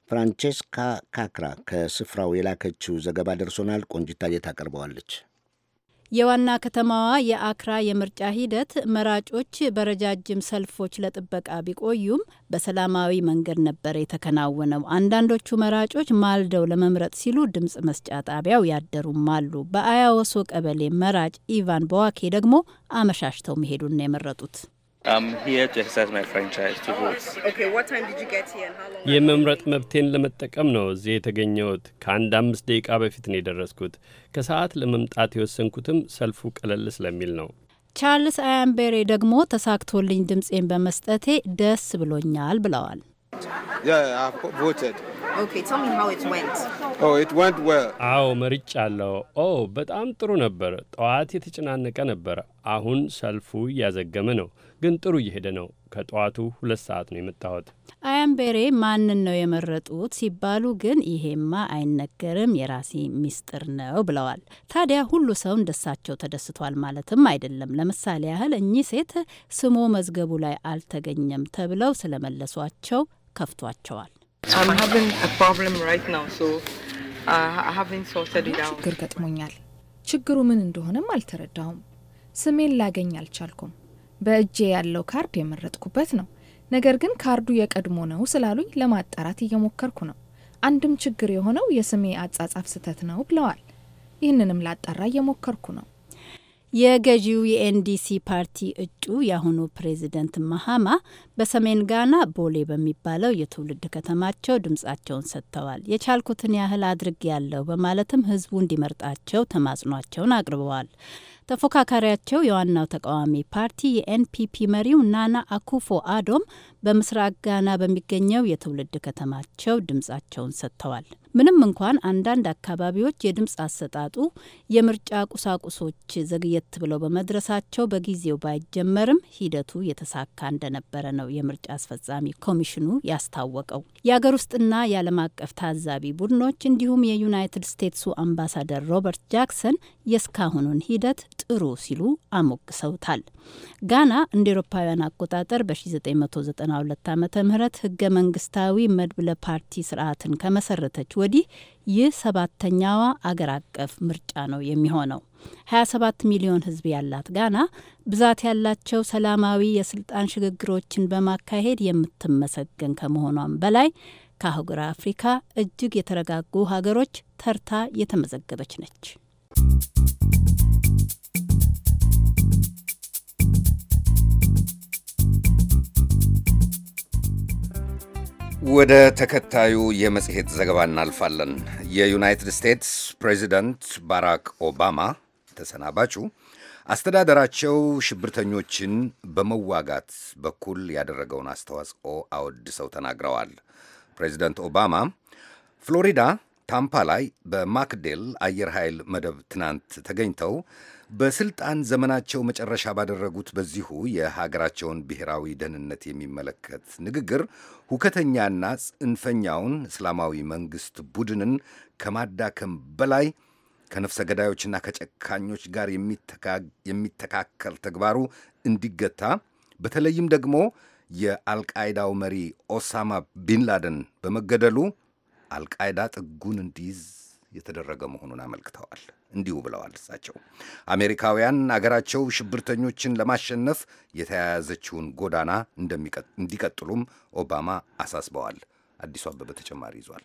ፍራንቼስካ ካክራ ከስፍራው የላከችው ዘገባ ደርሶናል። ቆንጅታዬ ታቀርበዋለች። የዋና ከተማዋ የአክራ የምርጫ ሂደት መራጮች በረጃጅም ሰልፎች ለጥበቃ ቢቆዩም በሰላማዊ መንገድ ነበር የተከናወነው። አንዳንዶቹ መራጮች ማልደው ለመምረጥ ሲሉ ድምፅ መስጫ ጣቢያው ያደሩም አሉ። በአያወሶ ቀበሌ መራጭ ኢቫን በዋኬ ደግሞ አመሻሽተው መሄዱን ነው የመረጡት። የመምረጥ መብቴን ለመጠቀም ነው እዚህ የተገኘሁት። ከአንድ አምስት ደቂቃ በፊት ነው የደረስኩት። ከሰዓት ለመምጣት የወሰንኩትም ሰልፉ ቀለል ስለሚል ነው። ቻርልስ አያምቤሬ ደግሞ ተሳክቶልኝ ድምፄን በመስጠቴ ደስ ብሎኛል ብለዋል። oh, አዎ መርጫ አለው። ኦ በጣም ጥሩ ነበር። ጠዋት የተጨናነቀ ነበር። አሁን ሰልፉ እያዘገመ ነው። ግን ጥሩ እየሄደ ነው። ከጠዋቱ ሁለት ሰዓት ነው የመጣሁት። አያምቤሬ ማንን ነው የመረጡት ሲባሉ ግን ይሄማ አይነገርም የራሴ ሚስጥር ነው ብለዋል። ታዲያ ሁሉ ሰው እንደሳቸው ተደስቷል ማለትም አይደለም። ለምሳሌ ያህል እኚህ ሴት ስሞ መዝገቡ ላይ አልተገኘም ተብለው ስለመለሷቸው ከፍቷቸዋል። uh, ችግር ገጥሞኛል። ችግሩ ምን እንደሆነም አልተረዳሁም። ስሜን ላገኝ አልቻልኩም። በእጄ ያለው ካርድ የመረጥኩበት ነው። ነገር ግን ካርዱ የቀድሞ ነው ስላሉኝ ለማጣራት እየሞከርኩ ነው። አንድም ችግር የሆነው የስሜ አጻጻፍ ስህተት ነው ብለዋል። ይህንንም ላጣራ እየሞከርኩ ነው። የገዢው የኤንዲሲ ፓርቲ እጩ የአሁኑ ፕሬዚደንት መሃማ በሰሜን ጋና ቦሌ በሚባለው የትውልድ ከተማቸው ድምጻቸውን ሰጥተዋል። የቻልኩትን ያህል አድርጌ ያለው በማለትም ህዝቡ እንዲመርጣቸው ተማጽኗቸውን አቅርበዋል። ተፎካካሪያቸው የዋናው ተቃዋሚ ፓርቲ የኤንፒፒ መሪው ናና አኩፎ አዶም በምስራቅ ጋና በሚገኘው የትውልድ ከተማቸው ድምጻቸውን ሰጥተዋል። ምንም እንኳን አንዳንድ አካባቢዎች የድምፅ አሰጣጡ የምርጫ ቁሳቁሶች ዘግየት ብለው በመድረሳቸው በጊዜው ባይጀመርም ሂደቱ የተሳካ እንደነበረ ነው የምርጫ አስፈጻሚ ኮሚሽኑ ያስታወቀው። የአገር ውስጥና የዓለም አቀፍ ታዛቢ ቡድኖች እንዲሁም የዩናይትድ ስቴትሱ አምባሳደር ሮበርት ጃክሰን የእስካሁኑን ሂደት ጥሩ ሲሉ አሞግሰውታል። ጋና እንደ ኤሮፓውያን አቆጣጠር በ1992 ዓ ም ህገ መንግስታዊ መድብለ ፓርቲ ስርዓትን ከመሰረተች ወዲህ ይህ ሰባተኛዋ አገር አቀፍ ምርጫ ነው የሚሆነው። 27 ሚሊዮን ሕዝብ ያላት ጋና ብዛት ያላቸው ሰላማዊ የስልጣን ሽግግሮችን በማካሄድ የምትመሰገን ከመሆኗም በላይ ከአህጉር አፍሪካ እጅግ የተረጋጉ ሀገሮች ተርታ የተመዘገበች ነች። ወደ ተከታዩ የመጽሔት ዘገባ እናልፋለን። የዩናይትድ ስቴትስ ፕሬዚደንት ባራክ ኦባማ ተሰናባቹ አስተዳደራቸው ሽብርተኞችን በመዋጋት በኩል ያደረገውን አስተዋጽኦ አወድሰው ተናግረዋል። ፕሬዚደንት ኦባማ ፍሎሪዳ ታምፓ ላይ በማክዴል አየር ኃይል መደብ ትናንት ተገኝተው በስልጣን ዘመናቸው መጨረሻ ባደረጉት በዚሁ የሀገራቸውን ብሔራዊ ደህንነት የሚመለከት ንግግር ሁከተኛና ጽንፈኛውን እስላማዊ መንግስት ቡድንን ከማዳከም በላይ ከነፍሰ ገዳዮችና ከጨካኞች ጋር የሚተካከል ተግባሩ እንዲገታ በተለይም ደግሞ የአልቃይዳው መሪ ኦሳማ ቢንላደን በመገደሉ አልቃይዳ ጥጉን እንዲይዝ የተደረገ መሆኑን አመልክተዋል። እንዲሁ ብለዋል እሳቸው አሜሪካውያን አገራቸው ሽብርተኞችን ለማሸነፍ የተያያዘችውን ጎዳና እንዲቀጥሉም ኦባማ አሳስበዋል። አዲሱ አበበ ተጨማሪ ይዟል።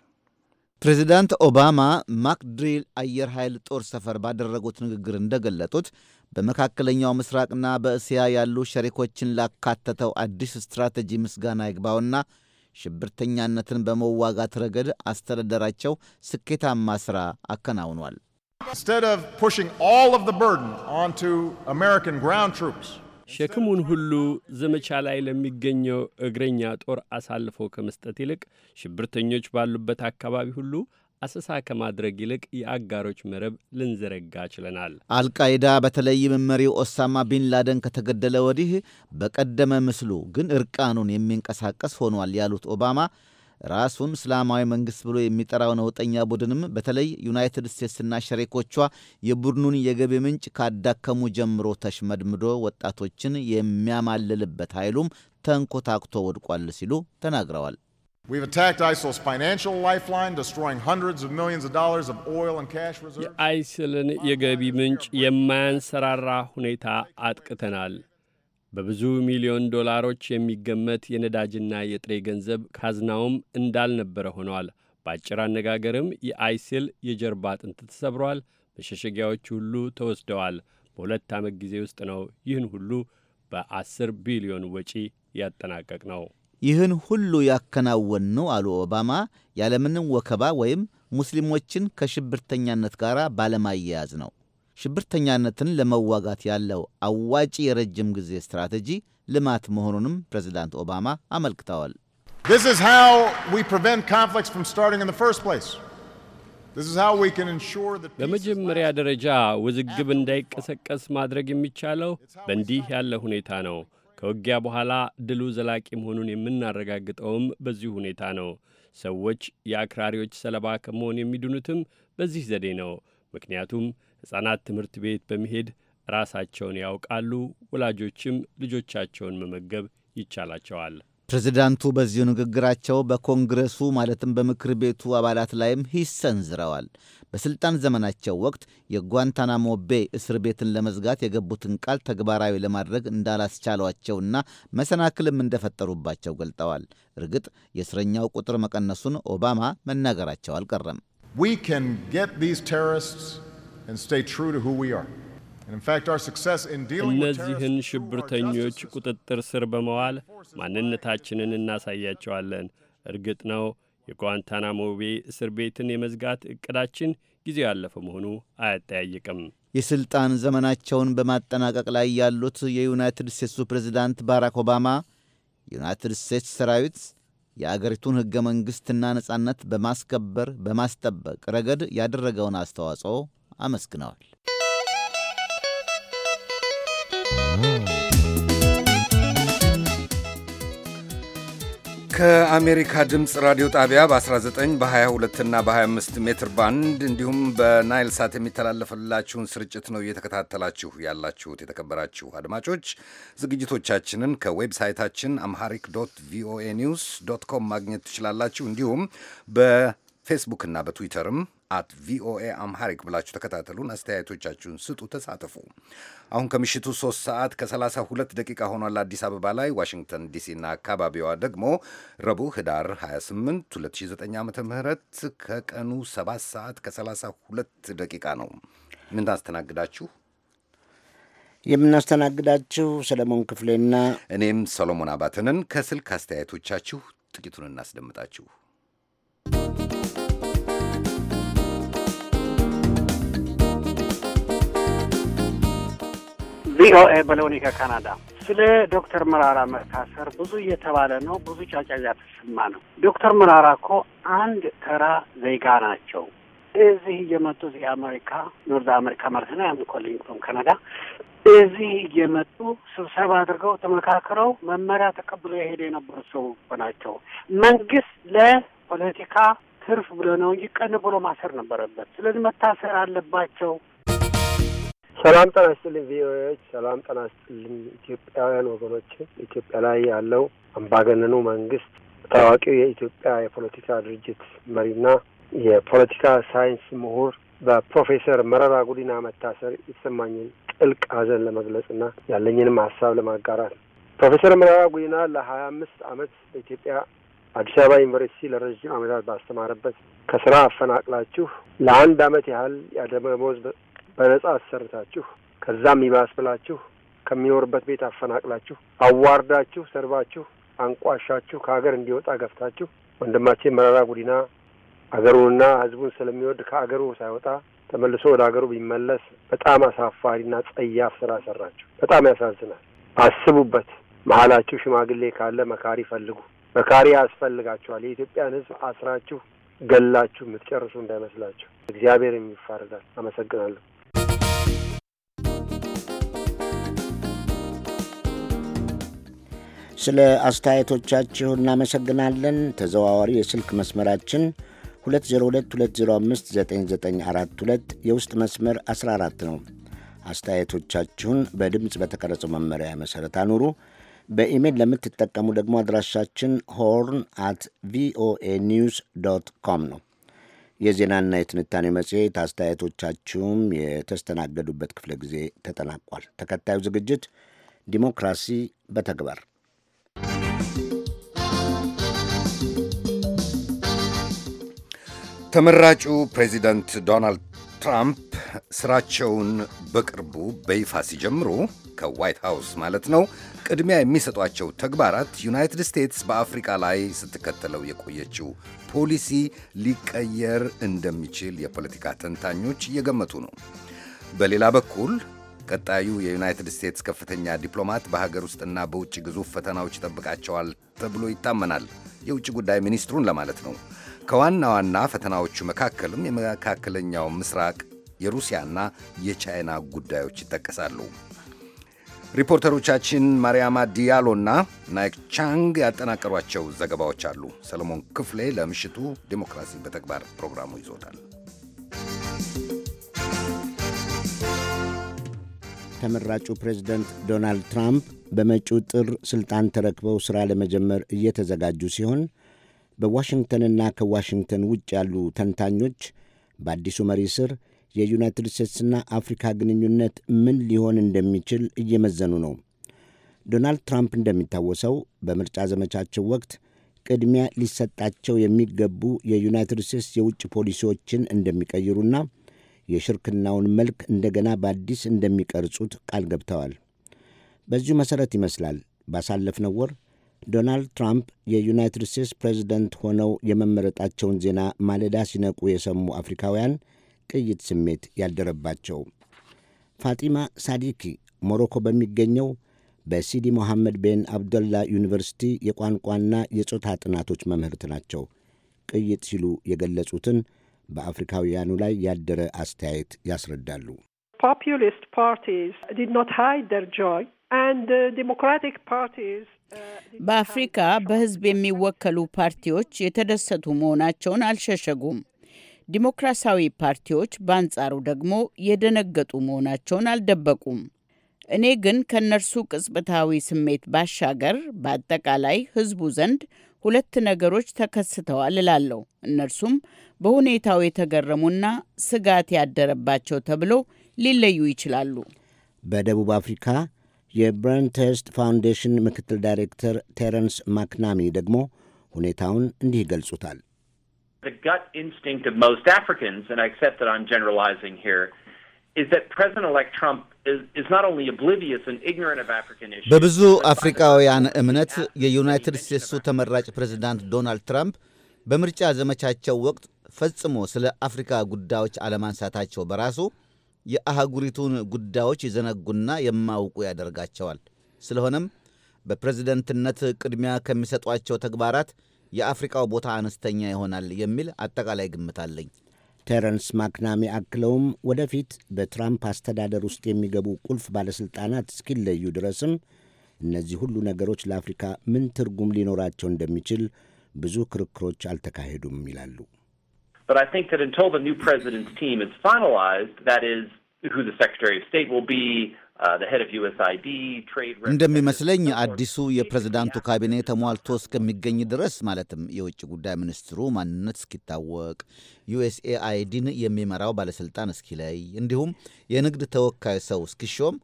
ፕሬዚዳንት ኦባማ ማክድሪል አየር ኃይል ጦር ሰፈር ባደረጉት ንግግር እንደገለጡት በመካከለኛው ምስራቅና በእስያ ያሉ ሸሪኮችን ላካተተው አዲስ ስትራቴጂ ምስጋና ይግባውና ሽብርተኛነትን በመዋጋት ረገድ አስተዳደራቸው ስኬታማ ሥራ አከናውኗል። ሸክሙን ሁሉ ዘመቻ ላይ ለሚገኘው እግረኛ ጦር አሳልፈው ከመስጠት ይልቅ ሽብርተኞች ባሉበት አካባቢ ሁሉ አሰሳ ከማድረግ ይልቅ የአጋሮች መረብ ልንዘረጋ ችለናል። አልቃይዳ በተለይም መሪው ኦሳማ ቢንላደን ከተገደለ ወዲህ በቀደመ ምስሉ ግን እርቃኑን የሚንቀሳቀስ ሆኗል ያሉት ኦባማ ራሱን እስላማዊ መንግሥት ብሎ የሚጠራው ነውጠኛ ቡድንም በተለይ ዩናይትድ ስቴትስና ሸሪኮቿ የቡድኑን የገቢ ምንጭ ካዳከሙ ጀምሮ ተሽመድምዶ ወጣቶችን የሚያማልልበት ኃይሉም ተንኮታክቶ ወድቋል ሲሉ ተናግረዋል። የአይስልን የገቢ ምንጭ የማያንሰራራ ሁኔታ አጥቅተናል። በብዙ ሚሊዮን ዶላሮች የሚገመት የነዳጅና የጥሬ ገንዘብ ካዝናውም እንዳልነበረ ሆኗል። በአጭር አነጋገርም የአይሲል የጀርባ አጥንት ተሰብሯል። መሸሸጊያዎች ሁሉ ተወስደዋል። በሁለት ዓመት ጊዜ ውስጥ ነው ይህን ሁሉ በአስር ቢሊዮን ወጪ ያጠናቀቅ ነው። ይህን ሁሉ ያከናወን ነው አሉ ኦባማ፣ ያለምንም ወከባ ወይም ሙስሊሞችን ከሽብርተኛነት ጋር ባለማያያዝ ነው። ሽብርተኛነትን ለመዋጋት ያለው አዋጪ የረጅም ጊዜ ስትራቴጂ ልማት መሆኑንም ፕሬዚዳንት ኦባማ አመልክተዋል። በመጀመሪያ ደረጃ ውዝግብ እንዳይቀሰቀስ ማድረግ የሚቻለው በእንዲህ ያለ ሁኔታ ነው። ከውጊያ በኋላ ድሉ ዘላቂ መሆኑን የምናረጋግጠውም በዚሁ ሁኔታ ነው። ሰዎች የአክራሪዎች ሰለባ ከመሆን የሚድኑትም በዚህ ዘዴ ነው። ምክንያቱም ሕፃናት ትምህርት ቤት በመሄድ ራሳቸውን ያውቃሉ፣ ወላጆችም ልጆቻቸውን መመገብ ይቻላቸዋል። ፕሬዚዳንቱ በዚሁ ንግግራቸው በኮንግረሱ ማለትም በምክር ቤቱ አባላት ላይም ሂስ ሰንዝረዋል። በሥልጣን ዘመናቸው ወቅት የጓንታናሞ ቤይ እስር ቤትን ለመዝጋት የገቡትን ቃል ተግባራዊ ለማድረግ እንዳላስቻሏቸውና መሰናክልም እንደፈጠሩባቸው ገልጠዋል። እርግጥ የእስረኛው ቁጥር መቀነሱን ኦባማ መናገራቸው አልቀረም። እነዚህን ሽብርተኞች ቁጥጥር ስር በመዋል ማንነታችንን እናሳያቸዋለን። እርግጥ ነው የጓንታናሞ ቤ እስር ቤትን የመዝጋት እቅዳችን ጊዜው ያለፈ መሆኑ አያጠያይቅም። የሥልጣን ዘመናቸውን በማጠናቀቅ ላይ ያሉት የዩናይትድ ስቴትሱ ፕሬዝዳንት ባራክ ኦባማ የዩናይትድ ስቴትስ ሰራዊት የአገሪቱን ሕገ መንግሥትና ነጻነት በማስከበር በማስጠበቅ ረገድ ያደረገውን አስተዋጽኦ አመስግነዋል። ከአሜሪካ ድምፅ ራዲዮ ጣቢያ በ19 በ22 እና በ25 ሜትር ባንድ እንዲሁም በናይል ሳት የሚተላለፍላችሁን ስርጭት ነው እየተከታተላችሁ ያላችሁት። የተከበራችሁ አድማጮች ዝግጅቶቻችንን ከዌብሳይታችን አምሃሪክ ዶት ቪኦኤ ኒውስ ዶት ኮም ማግኘት ትችላላችሁ። እንዲሁም በፌስቡክ እና በትዊተርም አት ቪኦኤ አምሃሪክ ብላችሁ ተከታተሉን። አስተያየቶቻችሁን ስጡ፣ ተሳተፉ። አሁን ከምሽቱ 3 ሰዓት ከ32 ደቂቃ ሆኗል አዲስ አበባ ላይ። ዋሽንግተን ዲሲና አካባቢዋ ደግሞ ረቡዕ ህዳር 28 2009 ዓ ም ከቀኑ 7 ሰዓት ከ32 ደቂቃ ነው። ምን የምናስተናግዳችሁ ሰለሞን ክፍሌና እኔም ሰሎሞን አባተንን። ከስልክ አስተያየቶቻችሁ ጥቂቱን እናስደምጣችሁ። ቪኦኤ በሎኒ ከካናዳ። ስለ ዶክተር መራራ መታሰር ብዙ እየተባለ ነው፣ ብዙ ጫጫታ ተሰማ ነው። ዶክተር መራራ እኮ አንድ ተራ ዜጋ ናቸው። እዚህ እየመጡ እዚህ አሜሪካ ኖርዝ አሜሪካ ማለት ነው። አም ኮሊንግ ፍሮም ካናዳ። እዚህ እየመጡ ስብሰባ አድርገው ተመካክረው መመሪያ ተቀብሎ የሄደ የነበሩ ሰው ናቸው። መንግስት ለፖለቲካ ትርፍ ብሎ ነው እንጂ ቀን ብሎ ማሰር ነበረበት። ስለዚህ መታሰር አለባቸው። ሰላም ጠና ስጥልኝ ቪኦኤዎች፣ ሰላም ጠና ስጥልኝ ኢትዮጵያውያን ወገኖች። ኢትዮጵያ ላይ ያለው አምባገነኑ መንግስት ታዋቂው የኢትዮጵያ የፖለቲካ ድርጅት መሪና የፖለቲካ ሳይንስ ምሁር በፕሮፌሰር መረራ ጉዲና መታሰር የተሰማኝን ጥልቅ ሀዘን ለመግለጽና ያለኝንም ሀሳብ ለማጋራት ፕሮፌሰር መረራ ጉዲና ለሀያ አምስት አመት በኢትዮጵያ አዲስ አበባ ዩኒቨርሲቲ ለረዥም ዓመታት ባስተማረበት ከስራ አፈናቅላችሁ ለአንድ አመት ያህል ያደመሞዝ በነጻ አሰርታችሁ ከዛም ይባስ ብላችሁ ከሚኖርበት ቤት አፈናቅላችሁ አዋርዳችሁ ሰርባችሁ አንቋሻችሁ ከሀገር እንዲወጣ ገፍታችሁ ወንድማችን መረራ ጉዲና አገሩንና ሕዝቡን ስለሚወድ ከአገሩ ሳይወጣ ተመልሶ ወደ አገሩ ቢመለስ በጣም አሳፋሪና ጸያፍ ስራ ሰራችሁ። በጣም ያሳዝናል። አስቡበት። መሀላችሁ ሽማግሌ ካለ መካሪ ፈልጉ። መካሪ ያስፈልጋችኋል። የኢትዮጵያን ሕዝብ አስራችሁ ገላችሁ የምትጨርሱ እንዳይመስላችሁ። እግዚአብሔር የሚፋርዳል። አመሰግናለሁ። ስለ አስተያየቶቻችሁ እናመሰግናለን። ተዘዋዋሪ የስልክ መስመራችን 2022059942 የውስጥ መስመር 14 ነው። አስተያየቶቻችሁን በድምፅ በተቀረጸው መመሪያ መሠረት አኑሩ። በኢሜይል ለምትጠቀሙ ደግሞ አድራሻችን ሆርን አት ቪኦኤ ኒውስ ዶት ኮም ነው። የዜናና የትንታኔ መጽሔት አስተያየቶቻችሁም የተስተናገዱበት ክፍለ ጊዜ ተጠናቋል። ተከታዩ ዝግጅት ዲሞክራሲ በተግባር ተመራጩ ፕሬዚደንት ዶናልድ ትራምፕ ስራቸውን በቅርቡ በይፋ ሲጀምሩ ከዋይት ሃውስ ማለት ነው ቅድሚያ የሚሰጧቸው ተግባራት ዩናይትድ ስቴትስ በአፍሪካ ላይ ስትከተለው የቆየችው ፖሊሲ ሊቀየር እንደሚችል የፖለቲካ ተንታኞች እየገመቱ ነው። በሌላ በኩል ቀጣዩ የዩናይትድ ስቴትስ ከፍተኛ ዲፕሎማት በሀገር ውስጥና በውጭ ግዙፍ ፈተናዎች ይጠብቃቸዋል ተብሎ ይታመናል። የውጭ ጉዳይ ሚኒስትሩን ለማለት ነው። ከዋና ዋና ፈተናዎቹ መካከልም የመካከለኛው ምስራቅ የሩሲያና የቻይና ጉዳዮች ይጠቀሳሉ። ሪፖርተሮቻችን ማርያማ ዲያሎና ናይክ ቻንግ ያጠናቀሯቸው ዘገባዎች አሉ። ሰለሞን ክፍሌ ለምሽቱ ዴሞክራሲ በተግባር ፕሮግራሙ ይዞታል። ተመራጩ ፕሬዝደንት ዶናልድ ትራምፕ በመጪው ጥር ስልጣን ተረክበው ሥራ ለመጀመር እየተዘጋጁ ሲሆን በዋሽንግተንና ከዋሽንግተን ውጭ ያሉ ተንታኞች በአዲሱ መሪ ስር የዩናይትድ ስቴትስና አፍሪካ ግንኙነት ምን ሊሆን እንደሚችል እየመዘኑ ነው። ዶናልድ ትራምፕ እንደሚታወሰው በምርጫ ዘመቻቸው ወቅት ቅድሚያ ሊሰጣቸው የሚገቡ የዩናይትድ ስቴትስ የውጭ ፖሊሲዎችን እንደሚቀይሩና የሽርክናውን መልክ እንደገና በአዲስ እንደሚቀርጹት ቃል ገብተዋል። በዚሁ መሠረት ይመስላል ባሳለፍነው ወር ዶናልድ ትራምፕ የዩናይትድ ስቴትስ ፕሬዚደንት ሆነው የመመረጣቸውን ዜና ማለዳ ሲነቁ የሰሙ አፍሪካውያን ቅይጥ ስሜት ያልደረባቸው። ፋጢማ ሳዲኪ ሞሮኮ በሚገኘው በሲዲ ሞሐመድ ቤን አብደላ ዩኒቨርሲቲ የቋንቋና የጾታ ጥናቶች መምህርት ናቸው። ቅይጥ ሲሉ የገለጹትን በአፍሪካውያኑ ላይ ያደረ አስተያየት ያስረዳሉ። ፖፑሊስት ፓርቲስ ዲድ ኖት ሃይድ ደር ጆይ አንድ ዲሞክራቲክ ፓርቲስ በአፍሪካ በህዝብ የሚወከሉ ፓርቲዎች የተደሰቱ መሆናቸውን አልሸሸጉም። ዲሞክራሲያዊ ፓርቲዎች በአንጻሩ ደግሞ የደነገጡ መሆናቸውን አልደበቁም። እኔ ግን ከእነርሱ ቅጽበታዊ ስሜት ባሻገር በአጠቃላይ ህዝቡ ዘንድ ሁለት ነገሮች ተከስተዋል እላለሁ። እነርሱም በሁኔታው የተገረሙና ስጋት ያደረባቸው ተብለው ሊለዩ ይችላሉ። በደቡብ አፍሪካ የብረንተስት ፋውንዴሽን ምክትል ዳይሬክተር ቴረንስ ማክናሚ ደግሞ ሁኔታውን እንዲህ ይገልጹታል። በብዙ አፍሪካውያን እምነት የዩናይትድ ስቴትሱ ተመራጭ ፕሬዝዳንት ዶናልድ ትራምፕ በምርጫ ዘመቻቸው ወቅት ፈጽሞ ስለ አፍሪካ ጉዳዮች አለማንሳታቸው በራሱ የአህጉሪቱን ጉዳዮች ይዘነጉና የማውቁ ያደርጋቸዋል። ስለሆነም በፕሬዝደንትነት ቅድሚያ ከሚሰጧቸው ተግባራት የአፍሪቃው ቦታ አነስተኛ ይሆናል የሚል አጠቃላይ ግምት አለኝ። ቴረንስ ማክናሚ አክለውም ወደፊት በትራምፕ አስተዳደር ውስጥ የሚገቡ ቁልፍ ባለሥልጣናት እስኪለዩ ድረስም እነዚህ ሁሉ ነገሮች ለአፍሪካ ምን ትርጉም ሊኖራቸው እንደሚችል ብዙ ክርክሮች አልተካሄዱም ይላሉ። But I think that until the new president's team is finalized, that is who the Secretary of State will be, uh, እንደሚመስለኝ አዲሱ የፕሬዝዳንቱ ካቢኔ ተሟልቶ እስከሚገኝ ድረስ ማለትም የውጭ ጉዳይ ሚኒስትሩ ማንነት እስኪታወቅ፣ አይዲን የሚመራው ባለሥልጣን እስኪለይ፣ እንዲሁም የንግድ ተወካይ ሰው እስኪሾም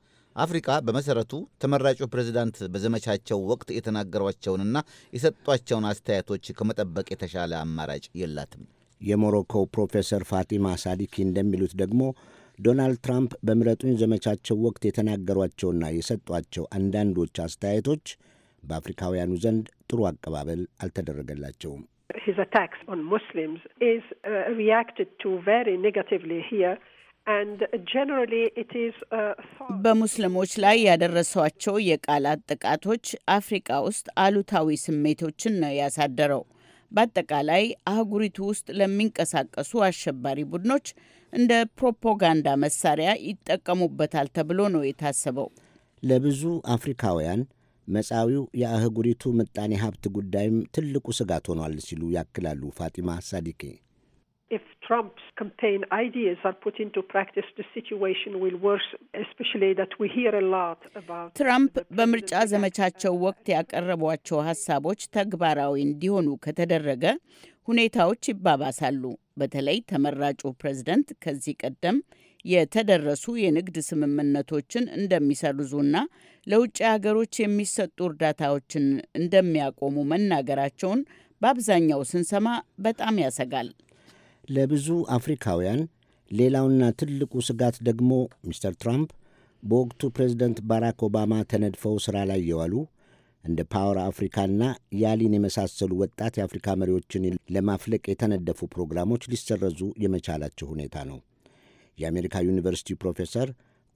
አፍሪካ በመሠረቱ ተመራጩ ፕሬዝዳንት በዘመቻቸው ወቅት የተናገሯቸውንና የሰጧቸውን አስተያየቶች ከመጠበቅ የተሻለ አማራጭ የላትም። የሞሮኮው ፕሮፌሰር ፋቲማ ሳዲኪ እንደሚሉት ደግሞ ዶናልድ ትራምፕ በምረጡኝ ዘመቻቸው ወቅት የተናገሯቸውና የሰጧቸው አንዳንዶች አስተያየቶች በአፍሪካውያኑ ዘንድ ጥሩ አቀባበል አልተደረገላቸውም። በሙስሊሞች ላይ ያደረሷቸው የቃላት ጥቃቶች አፍሪካ ውስጥ አሉታዊ ስሜቶችን ነው ያሳደረው። በአጠቃላይ አህጉሪቱ ውስጥ ለሚንቀሳቀሱ አሸባሪ ቡድኖች እንደ ፕሮፓጋንዳ መሳሪያ ይጠቀሙበታል ተብሎ ነው የታሰበው። ለብዙ አፍሪካውያን መጻዊው የአህጉሪቱ ምጣኔ ሀብት ጉዳይም ትልቁ ስጋት ሆኗል ሲሉ ያክላሉ ፋጢማ ሳዲቄ። if Trump's campaign ideas are put into practice, the situation will worsen, especially that we hear a lot about ትራምፕ በምርጫ ዘመቻቸው ወቅት ያቀረቧቸው ሀሳቦች ተግባራዊ እንዲሆኑ ከተደረገ ሁኔታዎች ይባባሳሉ። በተለይ ተመራጩ ፕሬዝደንት ከዚህ ቀደም የተደረሱ የንግድ ስምምነቶችን እንደሚሰርዙና ለውጭ ሀገሮች የሚሰጡ እርዳታዎችን እንደሚያቆሙ መናገራቸውን በአብዛኛው ስንሰማ በጣም ያሰጋል። ለብዙ አፍሪካውያን ሌላውና ትልቁ ስጋት ደግሞ ሚስተር ትራምፕ በወቅቱ ፕሬዚደንት ባራክ ኦባማ ተነድፈው ሥራ ላይ የዋሉ እንደ ፓወር አፍሪካና ያሊን የመሳሰሉ ወጣት የአፍሪካ መሪዎችን ለማፍለቅ የተነደፉ ፕሮግራሞች ሊሰረዙ የመቻላቸው ሁኔታ ነው። የአሜሪካ ዩኒቨርሲቲ ፕሮፌሰር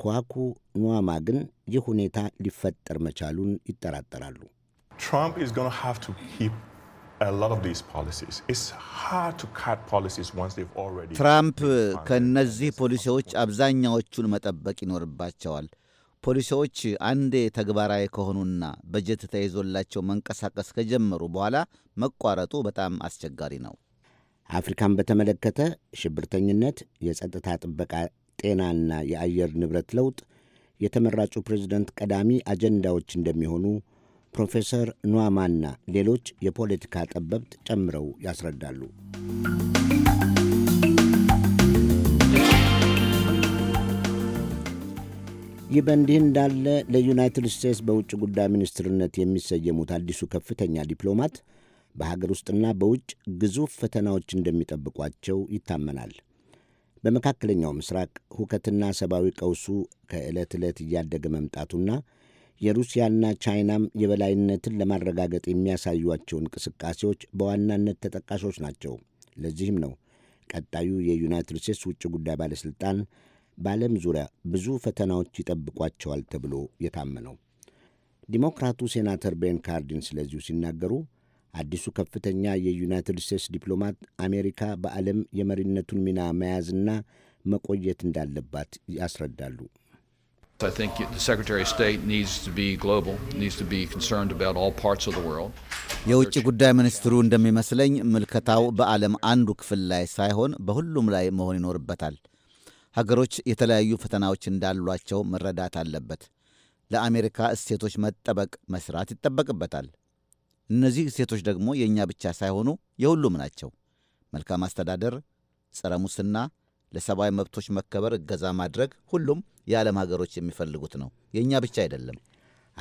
ኳኩ ኑዋማ ግን ይህ ሁኔታ ሊፈጠር መቻሉን ይጠራጠራሉ። ትራምፕ ትራምፕ ከእነዚህ ፖሊሲዎች አብዛኛዎቹን መጠበቅ ይኖርባቸዋል። ፖሊሲዎች አንዴ ተግባራዊ ከሆኑና በጀት ተይዞላቸው መንቀሳቀስ ከጀመሩ በኋላ መቋረጡ በጣም አስቸጋሪ ነው። አፍሪካን በተመለከተ ሽብርተኝነት፣ የጸጥታ ጥበቃ፣ ጤናና የአየር ንብረት ለውጥ የተመራጩ ፕሬዚደንት ቀዳሚ አጀንዳዎች እንደሚሆኑ ፕሮፌሰር ኗማና ሌሎች የፖለቲካ ጠበብት ጨምረው ያስረዳሉ። ይህ በእንዲህ እንዳለ ለዩናይትድ ስቴትስ በውጭ ጉዳይ ሚኒስትርነት የሚሰየሙት አዲሱ ከፍተኛ ዲፕሎማት በሀገር ውስጥና በውጭ ግዙፍ ፈተናዎች እንደሚጠብቋቸው ይታመናል። በመካከለኛው ምስራቅ ሁከትና ሰብአዊ ቀውሱ ከዕለት ዕለት እያደገ መምጣቱና የሩሲያና ቻይናም የበላይነትን ለማረጋገጥ የሚያሳዩቸው እንቅስቃሴዎች በዋናነት ተጠቃሾች ናቸው። ለዚህም ነው ቀጣዩ የዩናይትድ ስቴትስ ውጭ ጉዳይ ባለሥልጣን በዓለም ዙሪያ ብዙ ፈተናዎች ይጠብቋቸዋል ተብሎ የታመነው። ዲሞክራቱ ሴናተር ቤን ካርዲን ስለዚሁ ሲናገሩ አዲሱ ከፍተኛ የዩናይትድ ስቴትስ ዲፕሎማት አሜሪካ በዓለም የመሪነቱን ሚና መያዝና መቆየት እንዳለባት ያስረዳሉ። I think the Secretary of State needs to be global, needs to be concerned about all parts of the world. የውጭ ጉዳይ ሚኒስትሩ እንደሚመስለኝ ምልከታው በዓለም አንዱ ክፍል ላይ ሳይሆን በሁሉም ላይ መሆን ይኖርበታል። ሀገሮች የተለያዩ ፈተናዎች እንዳሏቸው መረዳት አለበት። ለአሜሪካ እሴቶች መጠበቅ መስራት ይጠበቅበታል። እነዚህ እሴቶች ደግሞ የእኛ ብቻ ሳይሆኑ የሁሉም ናቸው። መልካም አስተዳደር፣ ጸረ ሙስና ለሰብአዊ መብቶች መከበር እገዛ ማድረግ ሁሉም የዓለም ሀገሮች የሚፈልጉት ነው፣ የእኛ ብቻ አይደለም።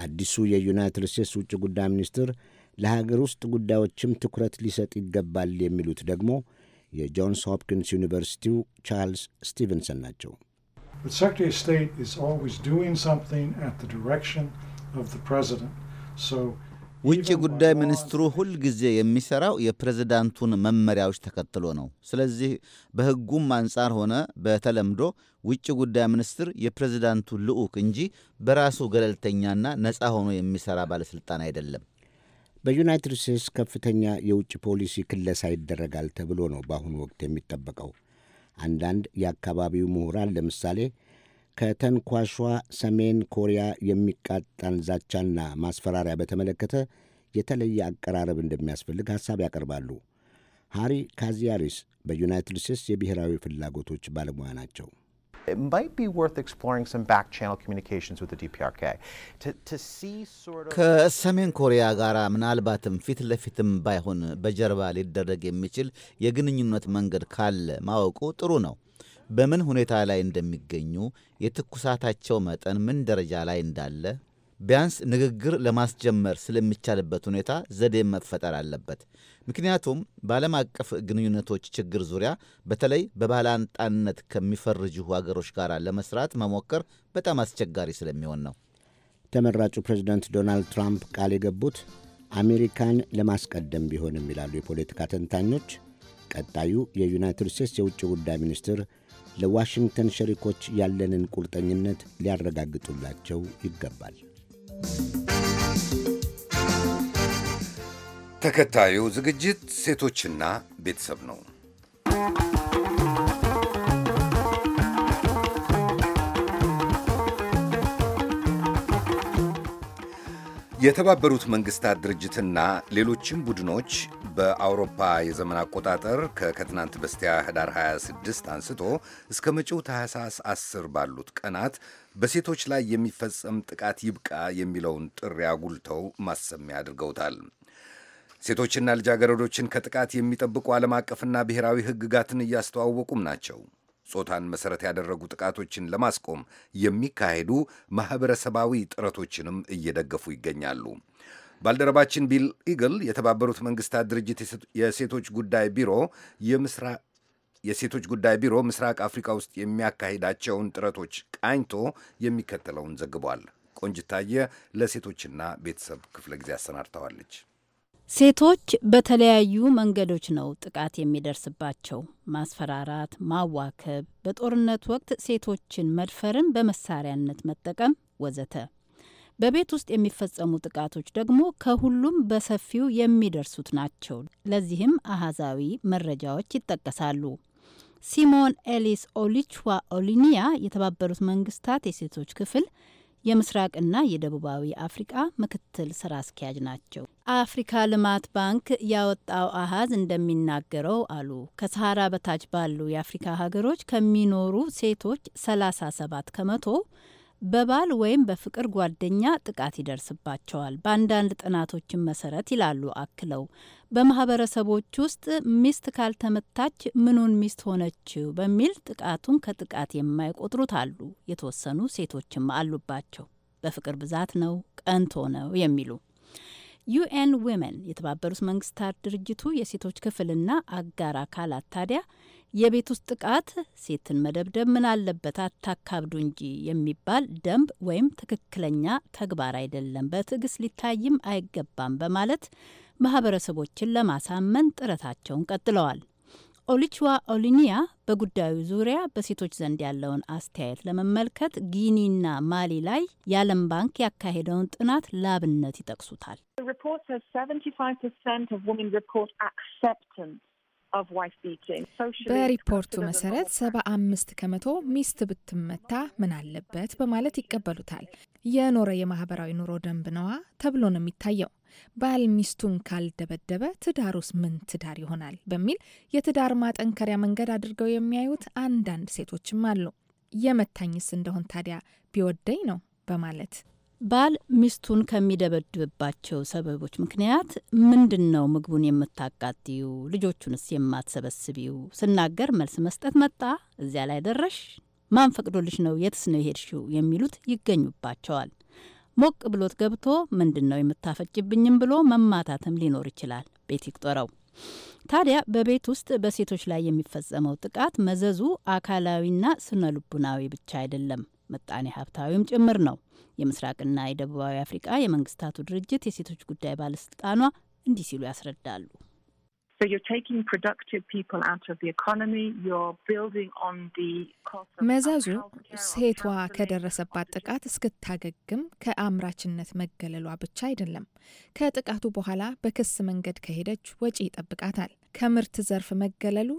አዲሱ የዩናይትድ ስቴትስ ውጭ ጉዳይ ሚኒስትር ለሀገር ውስጥ ጉዳዮችም ትኩረት ሊሰጥ ይገባል የሚሉት ደግሞ የጆንስ ሆፕኪንስ ዩኒቨርሲቲው ቻርልስ ስቲቨንሰን ናቸው። ሴክሬታሪ ስቴት ውጭ ጉዳይ ሚኒስትሩ ሁል ጊዜ የሚሰራው የፕሬዝዳንቱን መመሪያዎች ተከትሎ ነው። ስለዚህ በሕጉም አንጻር ሆነ በተለምዶ ውጭ ጉዳይ ሚኒስትር የፕሬዝዳንቱ ልዑክ እንጂ በራሱ ገለልተኛና ነፃ ሆኖ የሚሰራ ባለሥልጣን አይደለም። በዩናይትድ ስቴትስ ከፍተኛ የውጭ ፖሊሲ ክለሳ ይደረጋል ተብሎ ነው በአሁኑ ወቅት የሚጠበቀው። አንዳንድ የአካባቢው ምሁራን ለምሳሌ ከተንኳሿ ሰሜን ኮሪያ የሚቃጣን ዛቻና ማስፈራሪያ በተመለከተ የተለየ አቀራረብ እንደሚያስፈልግ ሐሳብ ያቀርባሉ። ሃሪ ካዚያሪስ በዩናይትድ ስቴትስ የብሔራዊ ፍላጎቶች ባለሙያ ናቸው። ከሰሜን ኮሪያ ጋር ምናልባትም ፊት ለፊትም ባይሆን በጀርባ ሊደረግ የሚችል የግንኙነት መንገድ ካለ ማወቁ ጥሩ ነው። በምን ሁኔታ ላይ እንደሚገኙ፣ የትኩሳታቸው መጠን ምን ደረጃ ላይ እንዳለ ቢያንስ ንግግር ለማስጀመር ስለሚቻልበት ሁኔታ ዘዴ መፈጠር አለበት። ምክንያቱም በዓለም አቀፍ ግንኙነቶች ችግር ዙሪያ በተለይ በባላንጣነት ከሚፈርጁ ሀገሮች ጋር ለመስራት መሞከር በጣም አስቸጋሪ ስለሚሆን ነው። ተመራጩ ፕሬዚደንት ዶናልድ ትራምፕ ቃል የገቡት አሜሪካን ለማስቀደም ቢሆንም ይላሉ የፖለቲካ ተንታኞች። ቀጣዩ የዩናይትድ ስቴትስ የውጭ ጉዳይ ሚኒስትር ለዋሽንግተን ሸሪኮች ያለንን ቁርጠኝነት ሊያረጋግጡላቸው ይገባል። ተከታዩ ዝግጅት ሴቶችና ቤተሰብ ነው። የተባበሩት መንግስታት ድርጅትና ሌሎችም ቡድኖች በአውሮፓ የዘመን አቆጣጠር ከከትናንት በስቲያ ህዳር 26 አንስቶ እስከ መጪው ታህሳስ 10 ባሉት ቀናት በሴቶች ላይ የሚፈጸም ጥቃት ይብቃ የሚለውን ጥሪ አጉልተው ማሰሚያ አድርገውታል። ሴቶችና ልጃገረዶችን ከጥቃት የሚጠብቁ ዓለም አቀፍና ብሔራዊ ህግጋትን እያስተዋወቁም ናቸው። ጾታን መሰረት ያደረጉ ጥቃቶችን ለማስቆም የሚካሄዱ ማኅበረሰባዊ ጥረቶችንም እየደገፉ ይገኛሉ። ባልደረባችን ቢል ኢግል የተባበሩት መንግስታት ድርጅት የሴቶች ጉዳይ ቢሮ የምስራ የሴቶች ጉዳይ ቢሮ ምስራቅ አፍሪካ ውስጥ የሚያካሂዳቸውን ጥረቶች ቃኝቶ የሚከተለውን ዘግቧል። ቆንጅታየ ለሴቶችና ቤተሰብ ክፍለ ጊዜ አሰናድተዋለች። ሴቶች በተለያዩ መንገዶች ነው ጥቃት የሚደርስባቸው። ማስፈራራት፣ ማዋከብ፣ በጦርነት ወቅት ሴቶችን መድፈርን በመሳሪያነት መጠቀም ወዘተ። በቤት ውስጥ የሚፈጸሙ ጥቃቶች ደግሞ ከሁሉም በሰፊው የሚደርሱት ናቸው። ለዚህም አሃዛዊ መረጃዎች ይጠቀሳሉ። ሲሞን ኤሊስ ኦሊችዋ ኦሊኒያ የተባበሩት መንግስታት የሴቶች ክፍል የምስራቅና የደቡባዊ አፍሪቃ ምክትል ስራ አስኪያጅ ናቸው። የአፍሪካ ልማት ባንክ ያወጣው አሃዝ እንደሚናገረው አሉ ከሰሃራ በታች ባሉ የአፍሪካ ሀገሮች ከሚኖሩ ሴቶች 37 ከመቶ በባል ወይም በፍቅር ጓደኛ ጥቃት ይደርስባቸዋል። በአንዳንድ ጥናቶችን መሰረት ይላሉ አክለው በማህበረሰቦች ውስጥ ሚስት ካልተመታች ምኑን ሚስት ሆነችው በሚል ጥቃቱን ከጥቃት የማይቆጥሩት አሉ። የተወሰኑ ሴቶችም አሉባቸው። በፍቅር ብዛት ነው፣ ቀንቶ ነው የሚሉ ዩኤን ዊመን የተባበሩት መንግስታት ድርጅቱ የሴቶች ክፍልና አጋር አካላት ታዲያ የቤት ውስጥ ጥቃት ሴትን መደብደብ ምን አለበት አታካብዱ እንጂ የሚባል ደንብ ወይም ትክክለኛ ተግባር አይደለም፣ በትዕግስት ሊታይም አይገባም በማለት ማህበረሰቦችን ለማሳመን ጥረታቸውን ቀጥለዋል። ኦሊችዋ ኦሊኒያ በጉዳዩ ዙሪያ በሴቶች ዘንድ ያለውን አስተያየት ለመመልከት ጊኒና ማሊ ላይ የዓለም ባንክ ያካሄደውን ጥናት ላብነት ይጠቅሱታል። report says 75% of women report acceptance በሪፖርቱ መሰረት ሰባ አምስት ከመቶ ሚስት ብትመታ ምን አለበት በማለት ይቀበሉታል። የኖረ የማህበራዊ ኑሮ ደንብ ነዋ ተብሎ ነው የሚታየው። ባል ሚስቱን ካልደበደበ ትዳሩስ ምን ትዳር ይሆናል በሚል የትዳር ማጠንከሪያ መንገድ አድርገው የሚያዩት አንዳንድ ሴቶችም አሉ። የመታኝስ እንደሆን ታዲያ ቢወደኝ ነው በማለት ባል ሚስቱን ከሚደበድብባቸው ሰበቦች ምክንያት ምንድን ነው ምግቡን የምታቃጥዩ ልጆቹንስ የማትሰበስቢው ስናገር መልስ መስጠት መጣ እዚያ ላይ ደረሽ ማን ፈቅዶልሽ ነው የትስ ነው የሄድሽው የሚሉት ይገኙባቸዋል ሞቅ ብሎት ገብቶ ምንድን ነው የምታፈጭብኝም ብሎ መማታትም ሊኖር ይችላል ቤት ይቅጠረው ታዲያ በቤት ውስጥ በሴቶች ላይ የሚፈጸመው ጥቃት መዘዙ አካላዊና ስነ ልቡናዊ ብቻ አይደለም ምጣኔ ሀብታዊም ጭምር ነው። የምስራቅና የደቡባዊ አፍሪቃ የመንግስታቱ ድርጅት የሴቶች ጉዳይ ባለስልጣኗ እንዲህ ሲሉ ያስረዳሉ። መዛዙ ሴቷ ከደረሰባት ጥቃት እስክታገግም ከአምራችነት መገለሏ ብቻ አይደለም። ከጥቃቱ በኋላ በክስ መንገድ ከሄደች ወጪ ይጠብቃታል። ከምርት ዘርፍ መገለሉ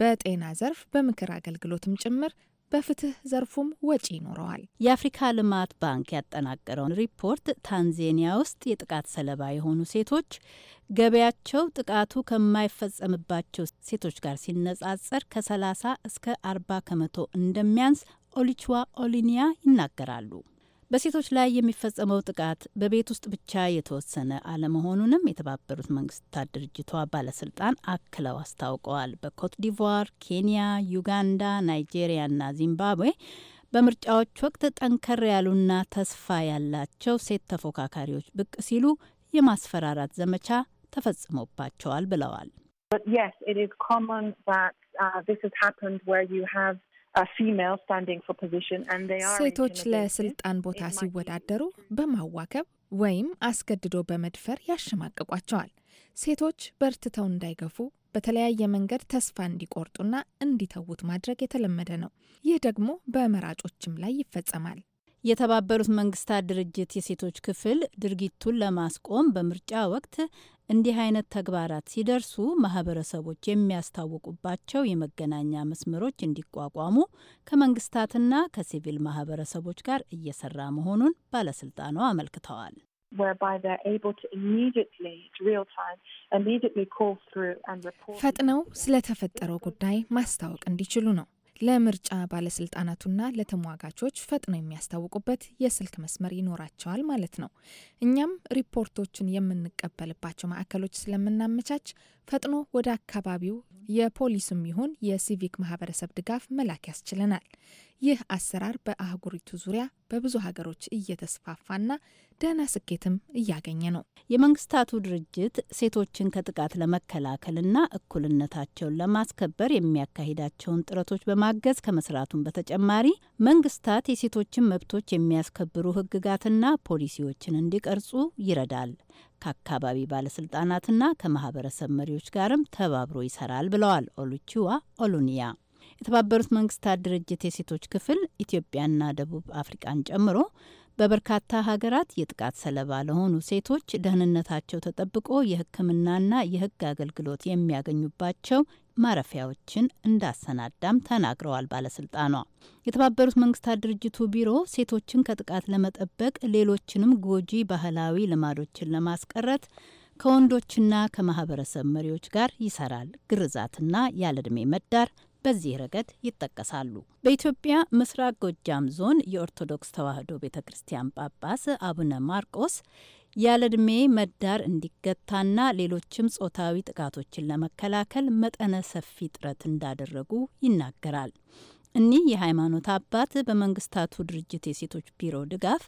በጤና ዘርፍ፣ በምክር አገልግሎትም ጭምር በፍትህ ዘርፉም ወጪ ይኖረዋል። የአፍሪካ ልማት ባንክ ያጠናቀረውን ሪፖርት ታንዜኒያ ውስጥ የጥቃት ሰለባ የሆኑ ሴቶች ገበያቸው ጥቃቱ ከማይፈጸምባቸው ሴቶች ጋር ሲነጻጸር ከ30 እስከ 40 ከመቶ እንደሚያንስ ኦሊችዋ ኦሊኒያ ይናገራሉ። በሴቶች ላይ የሚፈጸመው ጥቃት በቤት ውስጥ ብቻ የተወሰነ አለመሆኑንም የተባበሩት መንግስታት ድርጅቷ ባለስልጣን አክለው አስታውቀዋል። በኮት ዲቮር፣ ኬንያ፣ ዩጋንዳ፣ ና ዚምባብዌ በምርጫዎች ወቅት ጠንከር ያሉና ተስፋ ያላቸው ሴት ተፎካካሪዎች ብቅ ሲሉ የማስፈራራት ዘመቻ ተፈጽሞባቸዋል ብለዋል። yes, it is common that uh, this has happened where you have ሴቶች ለስልጣን ቦታ ሲወዳደሩ በማዋከብ ወይም አስገድዶ በመድፈር ያሸማቅቋቸዋል። ሴቶች በርትተው እንዳይገፉ በተለያየ መንገድ ተስፋ እንዲቆርጡና እንዲተዉት ማድረግ የተለመደ ነው። ይህ ደግሞ በመራጮችም ላይ ይፈጸማል። የተባበሩት መንግስታት ድርጅት የሴቶች ክፍል ድርጊቱን ለማስቆም በምርጫ ወቅት እንዲህ አይነት ተግባራት ሲደርሱ ማህበረሰቦች የሚያስታውቁባቸው የመገናኛ መስመሮች እንዲቋቋሙ ከመንግስታትና ከሲቪል ማህበረሰቦች ጋር እየሰራ መሆኑን ባለስልጣኑ አመልክተዋል። ፈጥነው ስለተፈጠረው ጉዳይ ማስታወቅ እንዲችሉ ነው። ለምርጫ ባለስልጣናቱና ለተሟጋቾች ፈጥነው የሚያስታውቁበት የስልክ መስመር ይኖራቸዋል ማለት ነው። እኛም ሪፖርቶችን የምንቀበልባቸው ማዕከሎች ስለምናመቻች ፈጥኖ ወደ አካባቢው የፖሊስም ይሁን የሲቪክ ማህበረሰብ ድጋፍ መላክ ያስችለናል። ይህ አሰራር በአህጉሪቱ ዙሪያ በብዙ ሀገሮች እየተስፋፋና ደህና ስኬትም እያገኘ ነው። የመንግስታቱ ድርጅት ሴቶችን ከጥቃት ለመከላከልና እኩልነታቸውን ለማስከበር የሚያካሂዳቸውን ጥረቶች በማገዝ ከመስራቱን በተጨማሪ መንግስታት የሴቶችን መብቶች የሚያስከብሩ ህግጋትና ፖሊሲዎችን እንዲቀርጹ ይረዳል። ከአካባቢ ባለስልጣናትና ከማህበረሰብ መሪዎች ጋርም ተባብሮ ይሰራል ብለዋል ኦሉቺዋ ኦሉኒያ። የተባበሩት መንግስታት ድርጅት የሴቶች ክፍል ኢትዮጵያና ደቡብ አፍሪቃን ጨምሮ በበርካታ ሀገራት የጥቃት ሰለባ ለሆኑ ሴቶች ደህንነታቸው ተጠብቆ የሕክምናና የሕግ አገልግሎት የሚያገኙባቸው ማረፊያዎችን እንዳሰናዳም ተናግረዋል ባለስልጣኗ። የተባበሩት መንግስታት ድርጅቱ ቢሮ ሴቶችን ከጥቃት ለመጠበቅ ሌሎችንም ጎጂ ባህላዊ ልማዶችን ለማስቀረት ከወንዶችና ከማህበረሰብ መሪዎች ጋር ይሰራል። ግርዛትና ያለዕድሜ መዳር በዚህ ረገድ ይጠቀሳሉ። በኢትዮጵያ ምስራቅ ጎጃም ዞን የኦርቶዶክስ ተዋሕዶ ቤተ ክርስቲያን ጳጳስ አቡነ ማርቆስ ያለ ዕድሜ መዳር እንዲገታና ሌሎችም ጾታዊ ጥቃቶችን ለመከላከል መጠነ ሰፊ ጥረት እንዳደረጉ ይናገራል። እኒህ የሃይማኖት አባት በመንግስታቱ ድርጅት የሴቶች ቢሮ ድጋፍ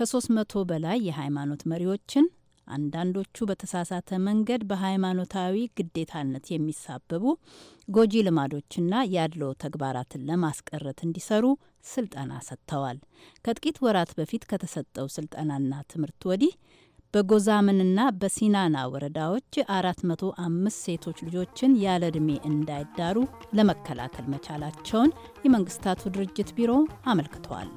ከ300 በላይ የሃይማኖት መሪዎችን አንዳንዶቹ በተሳሳተ መንገድ በሃይማኖታዊ ግዴታነት የሚሳበቡ ጎጂ ልማዶችና ያድሎ ተግባራትን ለማስቀረት እንዲሰሩ ስልጠና ሰጥተዋል። ከጥቂት ወራት በፊት ከተሰጠው ስልጠናና ትምህርት ወዲህ በጎዛምንና በሲናና ወረዳዎች አራት መቶ አምስት ሴቶች ልጆችን ያለ ዕድሜ እንዳይዳሩ ለመከላከል መቻላቸውን የመንግስታቱ ድርጅት ቢሮ አመልክተዋል።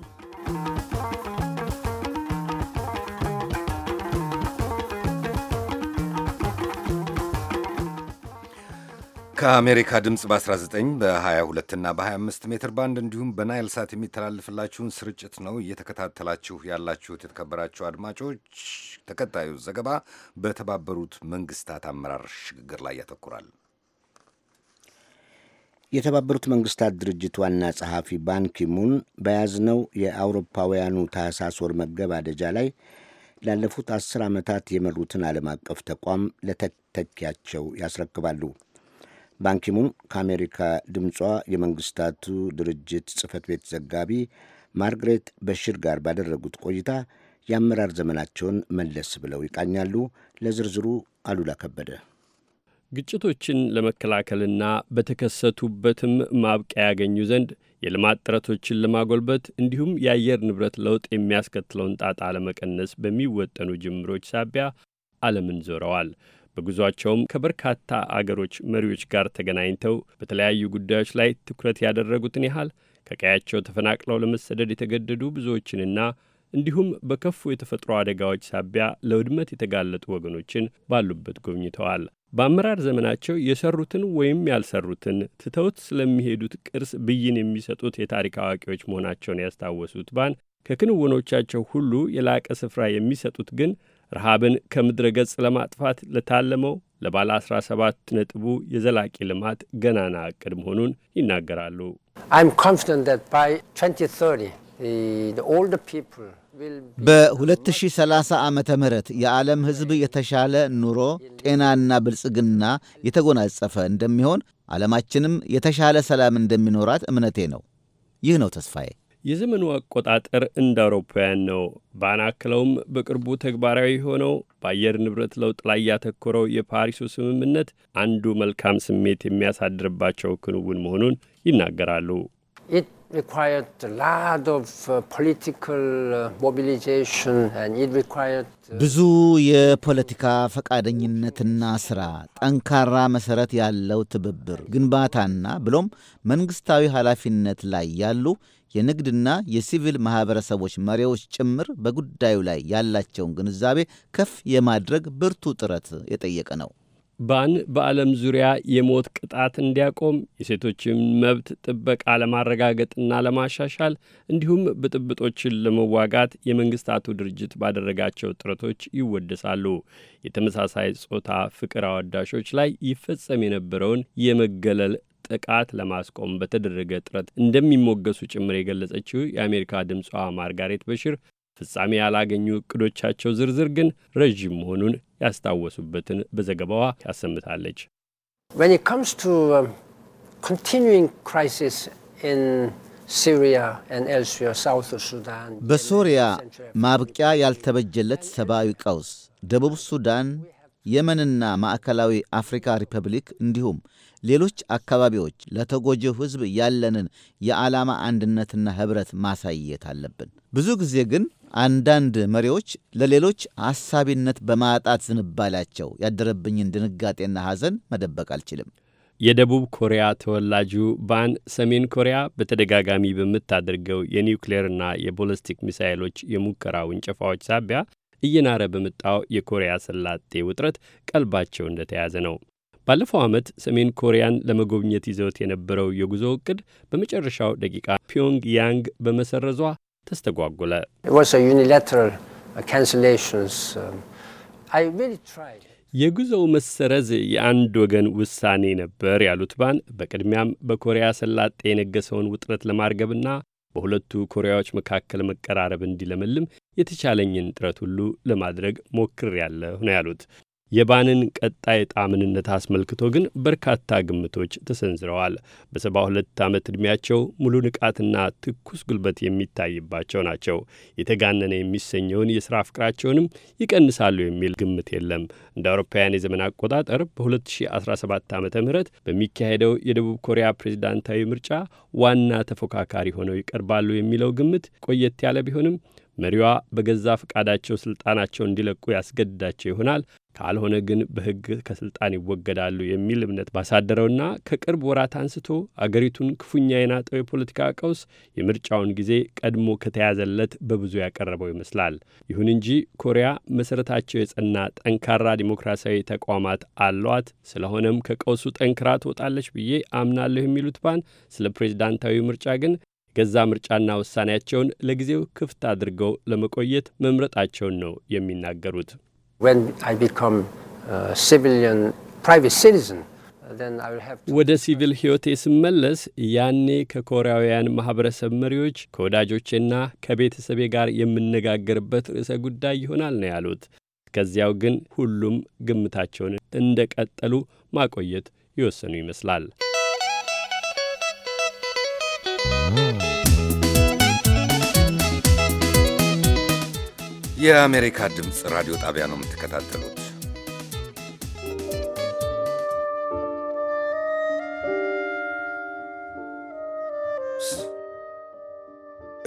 ከአሜሪካ ድምፅ በ19 በ22 እና በ25 ሜትር ባንድ እንዲሁም በናይል ሳት የሚተላልፍላችሁን ስርጭት ነው እየተከታተላችሁ ያላችሁት። የተከበራችሁ አድማጮች፣ ተከታዩ ዘገባ በተባበሩት መንግስታት አመራር ሽግግር ላይ ያተኩራል። የተባበሩት መንግስታት ድርጅት ዋና ጸሐፊ ባንኪሙን በያዝነው የአውሮፓውያኑ ታህሳስ ወር መገባደጃ ላይ ላለፉት አስር ዓመታት የመሩትን ዓለም አቀፍ ተቋም ለተተኪያቸው ያስረክባሉ። ባንኪሙን ከአሜሪካ ድምጿ የመንግስታቱ ድርጅት ጽህፈት ቤት ዘጋቢ ማርግሬት በሽር ጋር ባደረጉት ቆይታ የአመራር ዘመናቸውን መለስ ብለው ይቃኛሉ። ለዝርዝሩ አሉላ ከበደ። ግጭቶችን ለመከላከልና በተከሰቱበትም ማብቂያ ያገኙ ዘንድ የልማት ጥረቶችን ለማጎልበት እንዲሁም የአየር ንብረት ለውጥ የሚያስከትለውን ጣጣ ለመቀነስ በሚወጠኑ ጅምሮች ሳቢያ ዓለምን ዞረዋል። በጉዟቸውም ከበርካታ አገሮች መሪዎች ጋር ተገናኝተው በተለያዩ ጉዳዮች ላይ ትኩረት ያደረጉትን ያህል ከቀያቸው ተፈናቅለው ለመሰደድ የተገደዱ ብዙዎችንና እንዲሁም በከፉ የተፈጥሮ አደጋዎች ሳቢያ ለውድመት የተጋለጡ ወገኖችን ባሉበት ጎብኝተዋል። በአመራር ዘመናቸው የሰሩትን ወይም ያልሰሩትን ትተውት ስለሚሄዱት ቅርስ ብይን የሚሰጡት የታሪክ አዋቂዎች መሆናቸውን ያስታወሱት ባን ከክንውኖቻቸው ሁሉ የላቀ ስፍራ የሚሰጡት ግን ረሃብን ከምድረ ገጽ ለማጥፋት ለታለመው ለባለ 17 ነጥቡ የዘላቂ ልማት ገናና እቅድ መሆኑን ይናገራሉ። በ2030 ዓ ም የዓለም ሕዝብ የተሻለ ኑሮ፣ ጤናና ብልጽግና የተጎናጸፈ እንደሚሆን ዓለማችንም የተሻለ ሰላም እንደሚኖራት እምነቴ ነው። ይህ ነው ተስፋዬ። የዘመኑ አቆጣጠር እንደ አውሮፓውያን ነው። ባናክለውም በቅርቡ ተግባራዊ የሆነው በአየር ንብረት ለውጥ ላይ ያተኮረው የፓሪሱ ስምምነት አንዱ መልካም ስሜት የሚያሳድርባቸው ክንውን መሆኑን ይናገራሉ። uh, uh, uh, ብዙ የፖለቲካ ፈቃደኝነትና ስራ፣ ጠንካራ መሰረት ያለው ትብብር ግንባታና ብሎም መንግስታዊ ኃላፊነት ላይ ያሉ የንግድና የሲቪል ማኅበረሰቦች መሪዎች ጭምር በጉዳዩ ላይ ያላቸውን ግንዛቤ ከፍ የማድረግ ብርቱ ጥረት የጠየቀ ነው። ባን በዓለም ዙሪያ የሞት ቅጣት እንዲያቆም የሴቶችን መብት ጥበቃ ለማረጋገጥና ለማሻሻል እንዲሁም ብጥብጦችን ለመዋጋት የመንግስታቱ ድርጅት ባደረጋቸው ጥረቶች ይወደሳሉ። የተመሳሳይ ጾታ ፍቅር አወዳሾች ላይ ይፈጸም የነበረውን የመገለል ጥቃት ለማስቆም በተደረገ ጥረት እንደሚሞገሱ ጭምር የገለጸችው የአሜሪካ ድምጿ ማርጋሬት በሽር ፍጻሜ ያላገኙ እቅዶቻቸው ዝርዝር ግን ረዥም መሆኑን ያስታወሱበትን በዘገባዋ ያሰምታለች። um, በሶሪያ ማብቂያ ያልተበጀለት ሰብአዊ ቀውስ፣ ደቡብ ሱዳን፣ የመንና ማዕከላዊ አፍሪካ ሪፐብሊክ እንዲሁም ሌሎች አካባቢዎች ለተጎጂው ሕዝብ ያለንን የዓላማ አንድነትና ኅብረት ማሳየት አለብን። ብዙ ጊዜ ግን አንዳንድ መሪዎች ለሌሎች አሳቢነት በማጣት ዝንባላቸው ያደረብኝን ድንጋጤና ሐዘን መደበቅ አልችልም። የደቡብ ኮሪያ ተወላጁ ባን ሰሜን ኮሪያ በተደጋጋሚ በምታደርገው የኒውክሌርና የቦለስቲክ ሚሳይሎች የሙከራ ውንጨፋዎች ሳቢያ እየናረ በመጣው የኮሪያ ሰላጤ ውጥረት ቀልባቸው እንደተያዘ ነው። ባለፈው ዓመት ሰሜን ኮሪያን ለመጎብኘት ይዘውት የነበረው የጉዞ እቅድ በመጨረሻው ደቂቃ ፒዮንግ ያንግ በመሰረዟ ተስተጓጎለ። uh, um, የጉዞው መሰረዝ የአንድ ወገን ውሳኔ ነበር ያሉት ባን በቅድሚያም በኮሪያ ሰላጤ የነገሰውን ውጥረት ለማርገብና በሁለቱ ኮሪያዎች መካከል መቀራረብ እንዲለመልም የተቻለኝን ጥረት ሁሉ ለማድረግ ሞክሬያለሁ ነው ያሉት። የባንን ቀጣይ ዕጣ ምንነት አስመልክቶ ግን በርካታ ግምቶች ተሰንዝረዋል። በሰባ ሁለት ዓመት ዕድሜያቸው ሙሉ ንቃትና ትኩስ ጉልበት የሚታይባቸው ናቸው። የተጋነነ የሚሰኘውን የሥራ ፍቅራቸውንም ይቀንሳሉ የሚል ግምት የለም። እንደ አውሮፓውያን የዘመን አቆጣጠር በ2017 ዓ ም በሚካሄደው የደቡብ ኮሪያ ፕሬዚዳንታዊ ምርጫ ዋና ተፎካካሪ ሆነው ይቀርባሉ የሚለው ግምት ቆየት ያለ ቢሆንም መሪዋ በገዛ ፈቃዳቸው ስልጣናቸው እንዲለቁ ያስገድዳቸው ይሆናል። ካልሆነ ግን በሕግ ከስልጣን ይወገዳሉ የሚል እምነት ባሳደረውና ከቅርብ ወራት አንስቶ አገሪቱን ክፉኛ የናጠው የፖለቲካ ቀውስ የምርጫውን ጊዜ ቀድሞ ከተያዘለት በብዙ ያቀረበው ይመስላል። ይሁን እንጂ ኮሪያ መሠረታቸው የጸና ጠንካራ ዲሞክራሲያዊ ተቋማት አሏት፣ ስለሆነም ከቀውሱ ጠንክራ ትወጣለች ብዬ አምናለሁ የሚሉት ባን ስለ ፕሬዝዳንታዊ ምርጫ ግን ገዛ ምርጫና ውሳኔያቸውን ለጊዜው ክፍት አድርገው ለመቆየት መምረጣቸውን ነው የሚናገሩት። ወደ ሲቪል ሕይወቴ ስመለስ ያኔ ከኮሪያውያን ማኅበረሰብ መሪዎች ከወዳጆቼና ከቤተሰቤ ጋር የምነጋገርበት ርዕሰ ጉዳይ ይሆናል ነው ያሉት። ከዚያው ግን ሁሉም ግምታቸውን እንደቀጠሉ ማቆየት ይወሰኑ ይመስላል። የአሜሪካ ድምፅ ራዲዮ ጣቢያ ነው የምትከታተሉት።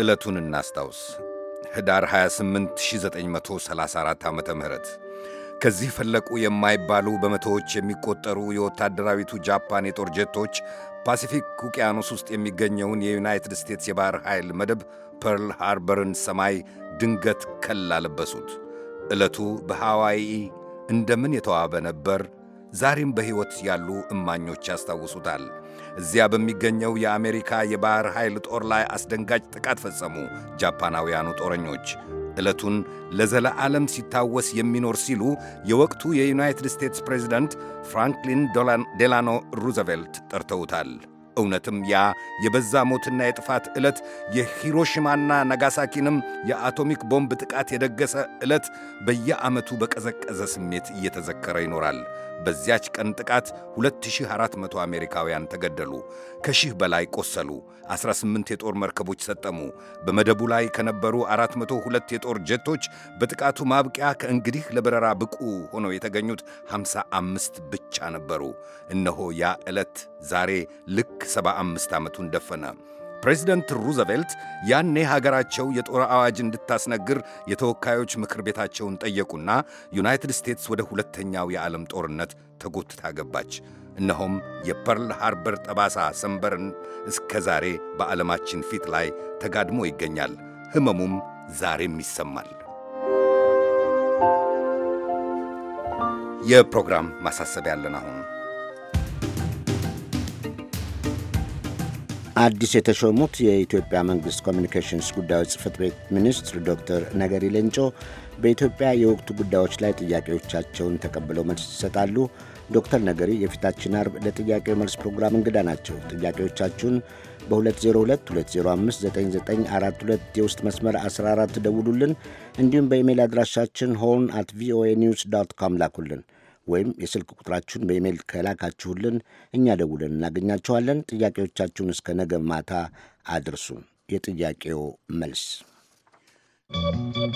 ዕለቱን እናስታውስ። ህዳር 28 1934 ዓ ም ከዚህ ፈለቁ የማይባሉ በመቶዎች የሚቆጠሩ የወታደራዊቱ ጃፓን የጦር ጀቶች ፓሲፊክ ውቅያኖስ ውስጥ የሚገኘውን የዩናይትድ ስቴትስ የባሕር ኃይል መደብ ፐርል ሃርበርን ሰማይ ድንገት ከላ ለበሱት ዕለቱ በሐዋይ እንደምን የተዋበ ነበር። ዛሬም በሕይወት ያሉ እማኞች ያስታውሱታል። እዚያ በሚገኘው የአሜሪካ የባሕር ኃይል ጦር ላይ አስደንጋጭ ጥቃት ፈጸሙ ጃፓናውያኑ ጦረኞች። ዕለቱን ለዘለዓለም ሲታወስ የሚኖር ሲሉ የወቅቱ የዩናይትድ ስቴትስ ፕሬዚደንት ፍራንክሊን ዴላኖ ሩዘቬልት ጠርተውታል። እውነትም ያ የበዛ ሞትና የጥፋት ዕለት የሂሮሽማና ናጋሳኪንም የአቶሚክ ቦምብ ጥቃት የደገሰ ዕለት በየዓመቱ በቀዘቀዘ ስሜት እየተዘከረ ይኖራል። በዚያች ቀን ጥቃት 2400 አሜሪካውያን ተገደሉ፣ ከሺህ በላይ ቆሰሉ፣ 18 የጦር መርከቦች ሰጠሙ። በመደቡ ላይ ከነበሩ 402 የጦር ጀቶች በጥቃቱ ማብቂያ ከእንግዲህ ለበረራ ብቁ ሆነው የተገኙት 55 ብቻ ነበሩ። እነሆ ያ ዕለት ዛሬ ልክ 75 ዓመቱን ደፈነ። ፕሬዚደንት ሩዘቬልት ያኔ ሀገራቸው የጦር አዋጅ እንድታስነግር የተወካዮች ምክር ቤታቸውን ጠየቁና ዩናይትድ ስቴትስ ወደ ሁለተኛው የዓለም ጦርነት ተጎትታ ገባች። እነሆም የፐርል ሃርበር ጠባሳ ሰንበርን እስከ ዛሬ በዓለማችን ፊት ላይ ተጋድሞ ይገኛል። ህመሙም ዛሬም ይሰማል። የፕሮግራም ማሳሰቢያ ያለን አሁን አዲስ የተሾሙት የኢትዮጵያ መንግሥት ኮሚኒኬሽንስ ጉዳዮች ጽፈት ቤት ሚኒስትር ዶክተር ነገሪ ሌንጮ በኢትዮጵያ የወቅቱ ጉዳዮች ላይ ጥያቄዎቻቸውን ተቀብለው መልስ ይሰጣሉ። ዶክተር ነገሪ የፊታችን አርብ ለጥያቄው መልስ ፕሮግራም እንግዳ ናቸው። ጥያቄዎቻችሁን በ2022059942 የውስጥ መስመር 14 ደውሉልን። እንዲሁም በኢሜይል አድራሻችን ሆርን አት ቪኦኤ ኒውስ ዶት ኮም ላኩልን። ወይም የስልክ ቁጥራችሁን በኢሜይል ከላካችሁልን እኛ ደውለን እናገኛቸዋለን። ጥያቄዎቻችሁን እስከ ነገ ማታ አድርሱ። የጥያቄው መልስ Thank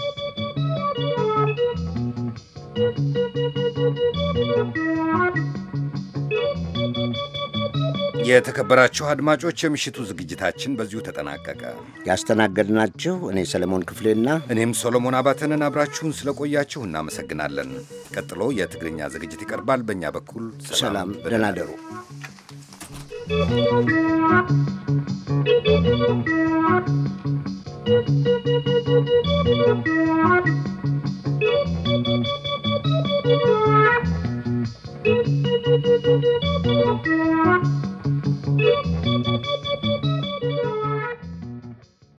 you. የተከበራችሁ አድማጮች የምሽቱ ዝግጅታችን በዚሁ ተጠናቀቀ። ያስተናገድናችሁ እኔ ሰለሞን ክፍሌና እኔም ሶሎሞን አባተንን አብራችሁን ስለቆያችሁ እናመሰግናለን። ቀጥሎ የትግርኛ ዝግጅት ይቀርባል። በእኛ በኩል ሰላም፣ ደህና ደሩ። Thank you. Thank you.